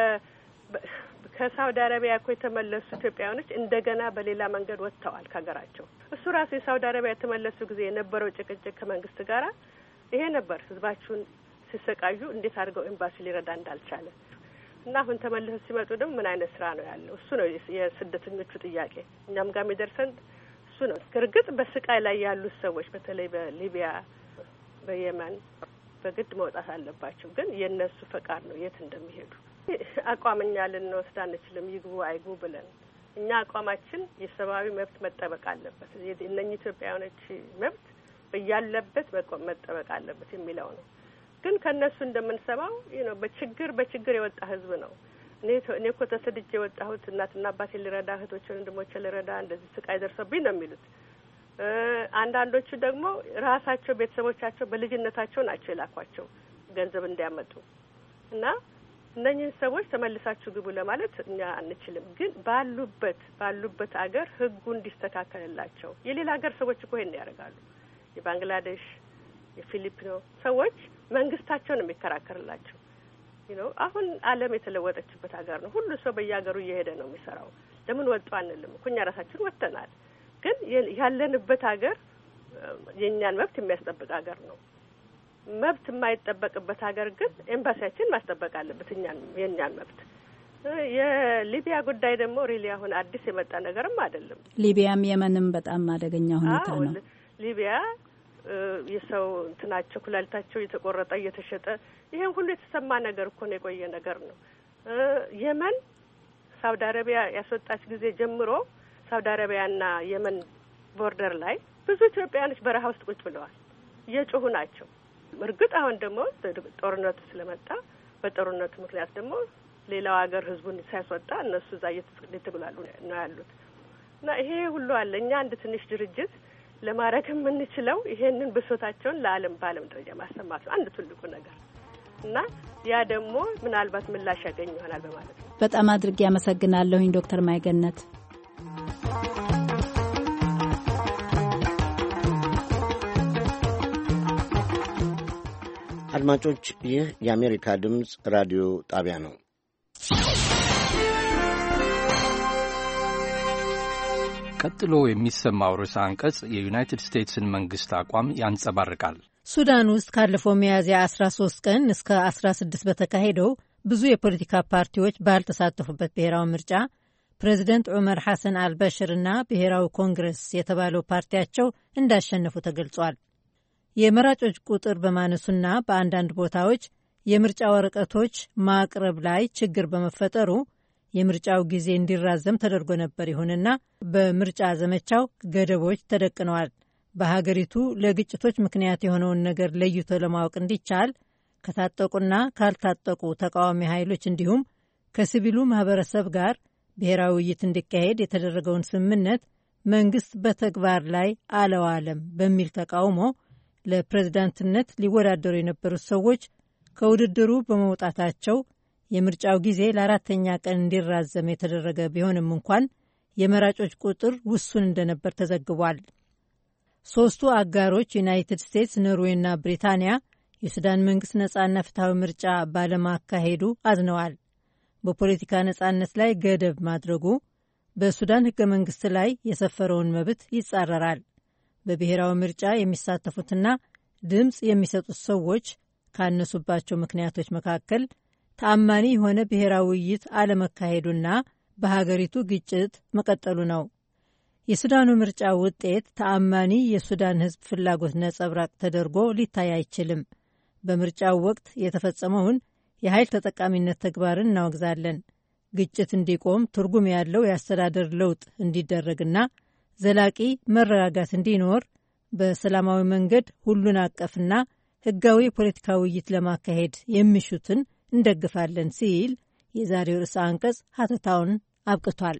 ከሳውዲ አረቢያ እኮ የተመለሱ ኢትዮጵያውያኖች እንደገና በሌላ መንገድ ወጥተዋል ከሀገራቸው። እሱ ራሱ የሳውዲ አረቢያ የተመለሱ ጊዜ የነበረው ጭቅጭቅ ከመንግስት ጋር ይሄ ነበር። ህዝባችሁን ሲሰቃዩ እንዴት አድርገው ኤምባሲ ሊረዳ እንዳልቻለ እና አሁን ተመልሰው ሲመጡ ደግሞ ምን አይነት ስራ ነው ያለው? እሱ ነው የስደተኞቹ ጥያቄ። እኛም ጋር የሚደርሰን ነው። እርግጥ በስቃይ ላይ ያሉት ሰዎች በተለይ በሊቢያ በየመን በግድ መውጣት አለባቸው። ግን የእነሱ ፈቃድ ነው የት እንደሚሄዱ። አቋም እኛ ልንወስድ አንችልም፣ ይግቡ አይግቡ ብለን። እኛ አቋማችን የሰብአዊ መብት መጠበቅ አለበት፣ እነኚህ ኢትዮጵያውያኖች መብት በያለበት መጠበቅ አለበት የሚለው ነው። ግን ከእነሱ እንደምንሰማው ነው በችግር በችግር የወጣ ህዝብ ነው እኔ እኔ እኮ ተሰድጄ የወጣሁት እናትና አባቴ ልረዳ እህቶች ወንድሞች ልረዳ እንደዚህ ስቃይ ደርሶብኝ ነው የሚሉት። አንዳንዶቹ ደግሞ ራሳቸው ቤተሰቦቻቸው በልጅነታቸው ናቸው የላኳቸው ገንዘብ እንዲያመጡ እና እነኝህን ሰዎች ተመልሳችሁ ግቡ ለማለት እኛ አንችልም። ግን ባሉበት ባሉበት አገር ህጉ እንዲስተካከልላቸው የሌላ ሀገር ሰዎች እኮ ይሄን ያደርጋሉ። የባንግላዴሽ የፊሊፒኖ ሰዎች መንግስታቸው ነው የሚከራከርላቸው ነው። አሁን ዓለም የተለወጠችበት ሀገር ነው። ሁሉ ሰው በየሀገሩ እየሄደ ነው የሚሰራው። ለምን ወጡ አንልም እኮ እኛ ራሳችን ወጥተናል። ግን ያለንበት ሀገር የእኛን መብት የሚያስጠብቅ ሀገር ነው። መብት የማይጠበቅበት ሀገር ግን ኤምባሲያችን ማስጠበቅ አለበት የእኛን መብት። የሊቢያ ጉዳይ ደግሞ ሪሊ አሁን አዲስ የመጣ ነገርም አይደለም። ሊቢያም የመንም በጣም አደገኛ ሁኔታ ነው። ሊቢያ የሰው እንትናቸው ኩላሊታቸው እየተቆረጠ እየተሸጠ ይሄን ሁሉ የተሰማ ነገር እኮ ነው፣ የቆየ ነገር ነው። የመን ሳውዲ አረቢያ ያስወጣች ጊዜ ጀምሮ ሳውዲ አረቢያና የመን ቦርደር ላይ ብዙ ኢትዮጵያውያኖች በረሃ ውስጥ ቁጭ ብለዋል፣ እየጮሁ ናቸው። እርግጥ አሁን ደግሞ ጦርነቱ ስለመጣ በጦርነቱ ምክንያት ደግሞ ሌላው ሀገር ህዝቡን ሳያስወጣ እነሱ እዛ እየተጉላሉ ነው ያሉት እና ይሄ ሁሉ አለ። እኛ አንድ ትንሽ ድርጅት ለማድረግ የምንችለው ይሄንን ብሶታቸውን ለዓለም በዓለም ደረጃ ማሰማት ነው አንድ ትልቁ ነገር። እና ያ ደግሞ ምናልባት ምላሽ ያገኝ ይሆናል በማለት ነው። በጣም አድርጌ አመሰግናለሁኝ ዶክተር ማይገነት። አድማጮች ይህ የአሜሪካ ድምፅ ራዲዮ ጣቢያ ነው። ቀጥሎ የሚሰማው ርዕሰ አንቀጽ የዩናይትድ ስቴትስን መንግሥት አቋም ያንጸባርቃል። ሱዳን ውስጥ ካለፈው ሚያዝያ 13 ቀን እስከ 16 በተካሄደው ብዙ የፖለቲካ ፓርቲዎች ባልተሳተፉበት ብሔራዊ ምርጫ ፕሬዚደንት ዑመር ሐሰን አልበሽር እና ብሔራዊ ኮንግረስ የተባለው ፓርቲያቸው እንዳሸነፉ ተገልጿል። የመራጮች ቁጥር በማነሱና በአንዳንድ ቦታዎች የምርጫ ወረቀቶች ማቅረብ ላይ ችግር በመፈጠሩ የምርጫው ጊዜ እንዲራዘም ተደርጎ ነበር። ይሁንና በምርጫ ዘመቻው ገደቦች ተደቅነዋል። በሀገሪቱ ለግጭቶች ምክንያት የሆነውን ነገር ለይቶ ለማወቅ እንዲቻል ከታጠቁና ካልታጠቁ ተቃዋሚ ኃይሎች እንዲሁም ከሲቪሉ ማህበረሰብ ጋር ብሔራዊ ውይይት እንዲካሄድ የተደረገውን ስምምነት መንግስት በተግባር ላይ አለዋለም በሚል ተቃውሞ ለፕሬዝዳንትነት ሊወዳደሩ የነበሩት ሰዎች ከውድድሩ በመውጣታቸው የምርጫው ጊዜ ለአራተኛ ቀን እንዲራዘም የተደረገ ቢሆንም እንኳን የመራጮች ቁጥር ውሱን እንደነበር ተዘግቧል። ሦስቱ አጋሮች ዩናይትድ ስቴትስ፣ ኖርዌይና ብሪታንያ የሱዳን መንግሥት ነፃና ፍትሐዊ ምርጫ ባለማካሄዱ አዝነዋል። በፖለቲካ ነፃነት ላይ ገደብ ማድረጉ በሱዳን ሕገ መንግሥት ላይ የሰፈረውን መብት ይጻረራል። በብሔራዊ ምርጫ የሚሳተፉትና ድምፅ የሚሰጡት ሰዎች ካነሱባቸው ምክንያቶች መካከል ተአማኒ የሆነ ብሔራዊ ውይይት አለመካሄዱና በሀገሪቱ ግጭት መቀጠሉ ነው። የሱዳኑ ምርጫ ውጤት ተአማኒ የሱዳን ህዝብ ፍላጎት ነጸብራቅ ተደርጎ ሊታይ አይችልም። በምርጫው ወቅት የተፈጸመውን የኃይል ተጠቃሚነት ተግባርን እናወግዛለን። ግጭት እንዲቆም ትርጉም ያለው የአስተዳደር ለውጥ እንዲደረግና ዘላቂ መረጋጋት እንዲኖር በሰላማዊ መንገድ ሁሉን አቀፍና ህጋዊ የፖለቲካ ውይይት ለማካሄድ የሚሹትን እንደግፋለን ሲል የዛሬው ርዕሰ አንቀጽ ሀተታውን አብቅቷል።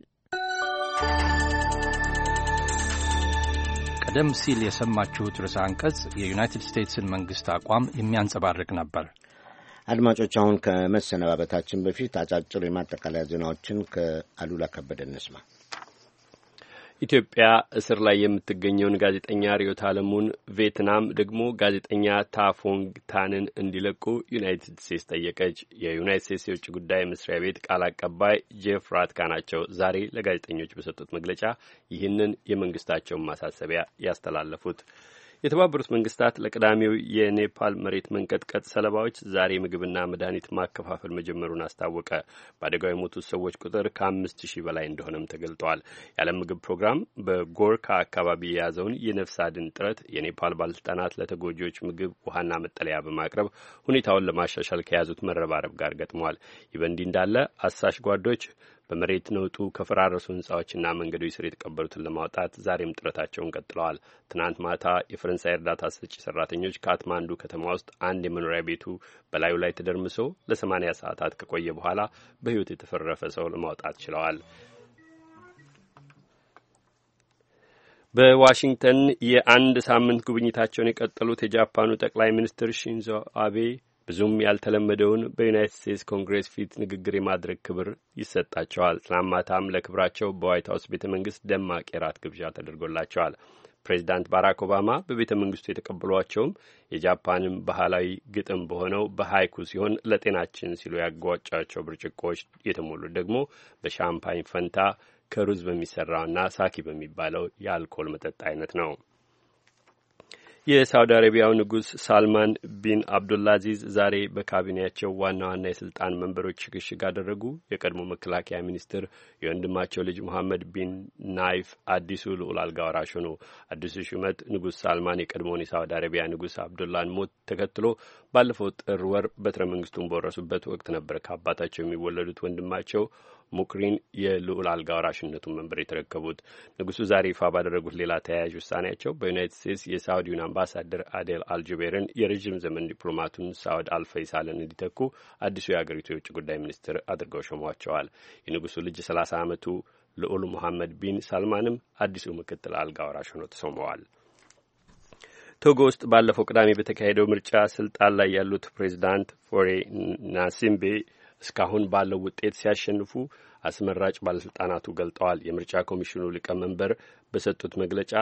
ቀደም ሲል የሰማችሁት ርዕሰ አንቀጽ የዩናይትድ ስቴትስን መንግሥት አቋም የሚያንጸባርቅ ነበር። አድማጮች፣ አሁን ከመሰነባበታችን በፊት አጫጭር የማጠቃለያ ዜናዎችን ከአሉላ ከበደ እንስማ። ኢትዮጵያ እስር ላይ የምትገኘውን ጋዜጠኛ ሪዮት አለሙን፣ ቪየትናም ደግሞ ጋዜጠኛ ታፎንግ ታንን እንዲለቁ ዩናይትድ ስቴትስ ጠየቀች። የዩናይትድ ስቴትስ የውጭ ጉዳይ መስሪያ ቤት ቃል አቀባይ ጄፍ ራትካ ናቸው ዛሬ ለጋዜጠኞች በሰጡት መግለጫ ይህንን የመንግስታቸውን ማሳሰቢያ ያስተላለፉት። የተባበሩት መንግስታት ለቅዳሜው የኔፓል መሬት መንቀጥቀጥ ሰለባዎች ዛሬ ምግብና መድኃኒት ማከፋፈል መጀመሩን አስታወቀ። በአደጋው የሞቱት ሰዎች ቁጥር ከአምስት ሺህ በላይ እንደሆነም ተገልጧል። የዓለም ምግብ ፕሮግራም በጎርካ አካባቢ የያዘውን የነፍስ አድን ጥረት የኔፓል ባለስልጣናት ለተጎጂዎች ምግብ፣ ውሃና መጠለያ በማቅረብ ሁኔታውን ለማሻሻል ከያዙት መረባረብ ጋር ገጥመዋል። ይህ በእንዲህ እንዳለ አሳሽ ጓዶች በመሬት ነውጡ ከፈራረሱ ህንጻዎችና መንገዶች ስር የተቀበሩትን ለማውጣት ዛሬም ጥረታቸውን ቀጥለዋል። ትናንት ማታ የፈረንሳይ እርዳታ ሰጪ ሰራተኞች ካትማንዱ ከተማ ውስጥ አንድ የመኖሪያ ቤቱ በላዩ ላይ ተደርምሶ ለሰማኒያ ሰዓታት ከቆየ በኋላ በህይወት የተፈረፈ ሰው ለማውጣት ችለዋል። በዋሽንግተን የአንድ ሳምንት ጉብኝታቸውን የቀጠሉት የጃፓኑ ጠቅላይ ሚኒስትር ሺንዞ አቤ ብዙም ያልተለመደውን በዩናይትድ ስቴትስ ኮንግሬስ ፊት ንግግር የማድረግ ክብር ይሰጣቸዋል። ትናንት ማታም ለክብራቸው በዋይት ሀውስ ቤተ መንግስት ደማቅ የራት ግብዣ ተደርጎላቸዋል። ፕሬዚዳንት ባራክ ኦባማ በቤተ መንግስቱ የተቀበሏቸውም የጃፓንም ባህላዊ ግጥም በሆነው በሃይኩ ሲሆን ለጤናችን ሲሉ ያጓጯቸው ብርጭቆዎች የተሞሉት ደግሞ በሻምፓኝ ፈንታ ከሩዝ በሚሰራውና ሳኪ በሚባለው የአልኮል መጠጥ አይነት ነው። የሳውዲ አረቢያው ንጉሥ ሳልማን ቢን አብዱላዚዝ ዛሬ በካቢኔያቸው ዋና ዋና የስልጣን መንበሮች ሽግሽግ አደረጉ። የቀድሞ መከላከያ ሚኒስትር የወንድማቸው ልጅ መሐመድ ቢን ናይፍ አዲሱ ልዑል አልጋ ወራሽ ሆኑ። አዲሱ ሹመት ንጉሥ ሳልማን የቀድሞውን የሳውዲ አረቢያ ንጉሥ አብዱላን ሞት ተከትሎ ባለፈው ጥር ወር በትረ መንግስቱን በወረሱበት ወቅት ነበር ከአባታቸው የሚወለዱት ወንድማቸው ሙክሪን የልዑል አልጋ ወራሽነቱን መንበር የተረከቡት። ንጉሱ ዛሬ ይፋ ባደረጉት ሌላ ተያያዥ ውሳኔያቸው በዩናይትድ ስቴትስ የሳውዲውን አምባሳደር አዴል አልጁቤርን የረዥም ዘመን ዲፕሎማቱን ሳውድ አልፈይሳልን እንዲተኩ አዲሱ የአገሪቱ የውጭ ጉዳይ ሚኒስትር አድርገው ሾሟቸዋል። የንጉሱ ልጅ ሰላሳ ዓመቱ ልዑል ሙሐመድ ቢን ሳልማንም አዲሱ ምክትል አልጋ ወራሽ ሆነው ተሾመዋል። ቶጎ ውስጥ ባለፈው ቅዳሜ በተካሄደው ምርጫ ስልጣን ላይ ያሉት ፕሬዚዳንት ፎሬ ናሲምቤ እስካሁን ባለው ውጤት ሲያሸንፉ አስመራጭ ባለሥልጣናቱ ገልጠዋል። የምርጫ ኮሚሽኑ ሊቀመንበር በሰጡት መግለጫ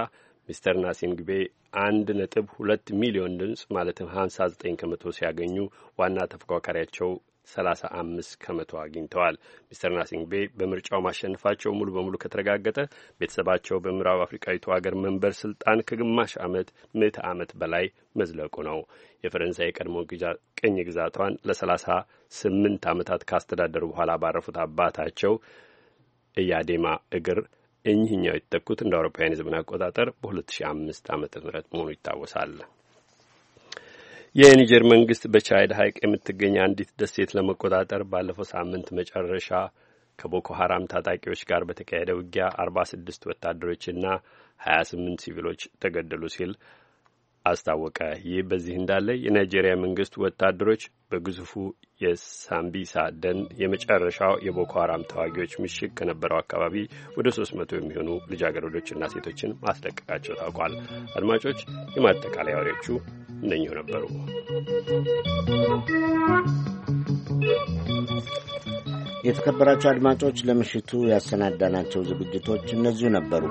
ሚስተር ናሲም ግቤ አንድ ነጥብ ሁለት ሚሊዮን ድምፅ ማለትም ሀምሳ ዘጠኝ ከመቶ ሲያገኙ ዋና ተፎካካሪያቸው 35 ከመቶ አግኝተዋል። ሚስተር ናሲንግቤ በምርጫው ማሸነፋቸው ሙሉ በሙሉ ከተረጋገጠ ቤተሰባቸው በምዕራብ አፍሪካዊቱ ሀገር መንበር ስልጣን ከግማሽ ዓመት ምዕተ ዓመት በላይ መዝለቁ ነው። የፈረንሳይ የቀድሞ ቅኝ ግዛቷን ለ38 ዓመታት ካስተዳደሩ በኋላ ባረፉት አባታቸው እያዴማ እግር እኚህኛው የተተኩት እንደ አውሮፓውያን የዘመን አቆጣጠር በ2005 ዓ ም መሆኑ ይታወሳል። የኒጀር መንግስት በቻይድ ሐይቅ የምትገኝ አንዲት ደሴት ለመቆጣጠር ባለፈው ሳምንት መጨረሻ ከቦኮ ሀራም ታጣቂዎች ጋር በተካሄደ ውጊያ አርባ ስድስት ወታደሮችና ሀያ ስምንት ሲቪሎች ተገደሉ ሲል አስታወቀ። ይህ በዚህ እንዳለ የናይጄሪያ መንግስት ወታደሮች በግዙፉ የሳምቢሳ ደን የመጨረሻው የቦኮ ሀራም ተዋጊዎች ምሽግ ከነበረው አካባቢ ወደ 300 መቶ የሚሆኑ ልጃገረዶችና ሴቶችን ማስለቀቃቸው ታውቋል። አድማጮች፣ የማጠቃለያ ወሬዎቹ እነኚሁ ነበሩ። የተከበራቸው አድማጮች፣ ለምሽቱ ያሰናዳናቸው ዝግጅቶች እነዚሁ ነበሩ።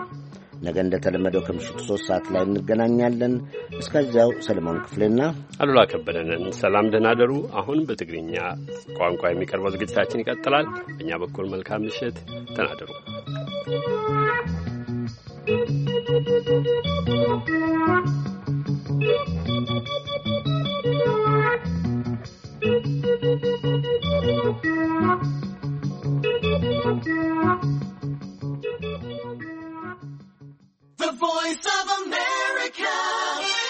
ነገ እንደተለመደው ከምሽቱ ሶስት ሰዓት ላይ እንገናኛለን። እስከዚያው ሰለሞን ክፍሌና አሉላ ከበደንን ሰላም ደናደሩ። አሁን በትግርኛ ቋንቋ የሚቀርበው ዝግጅታችን ይቀጥላል። በእኛ በኩል መልካም ምሽት ተናደሩ። Voice of America.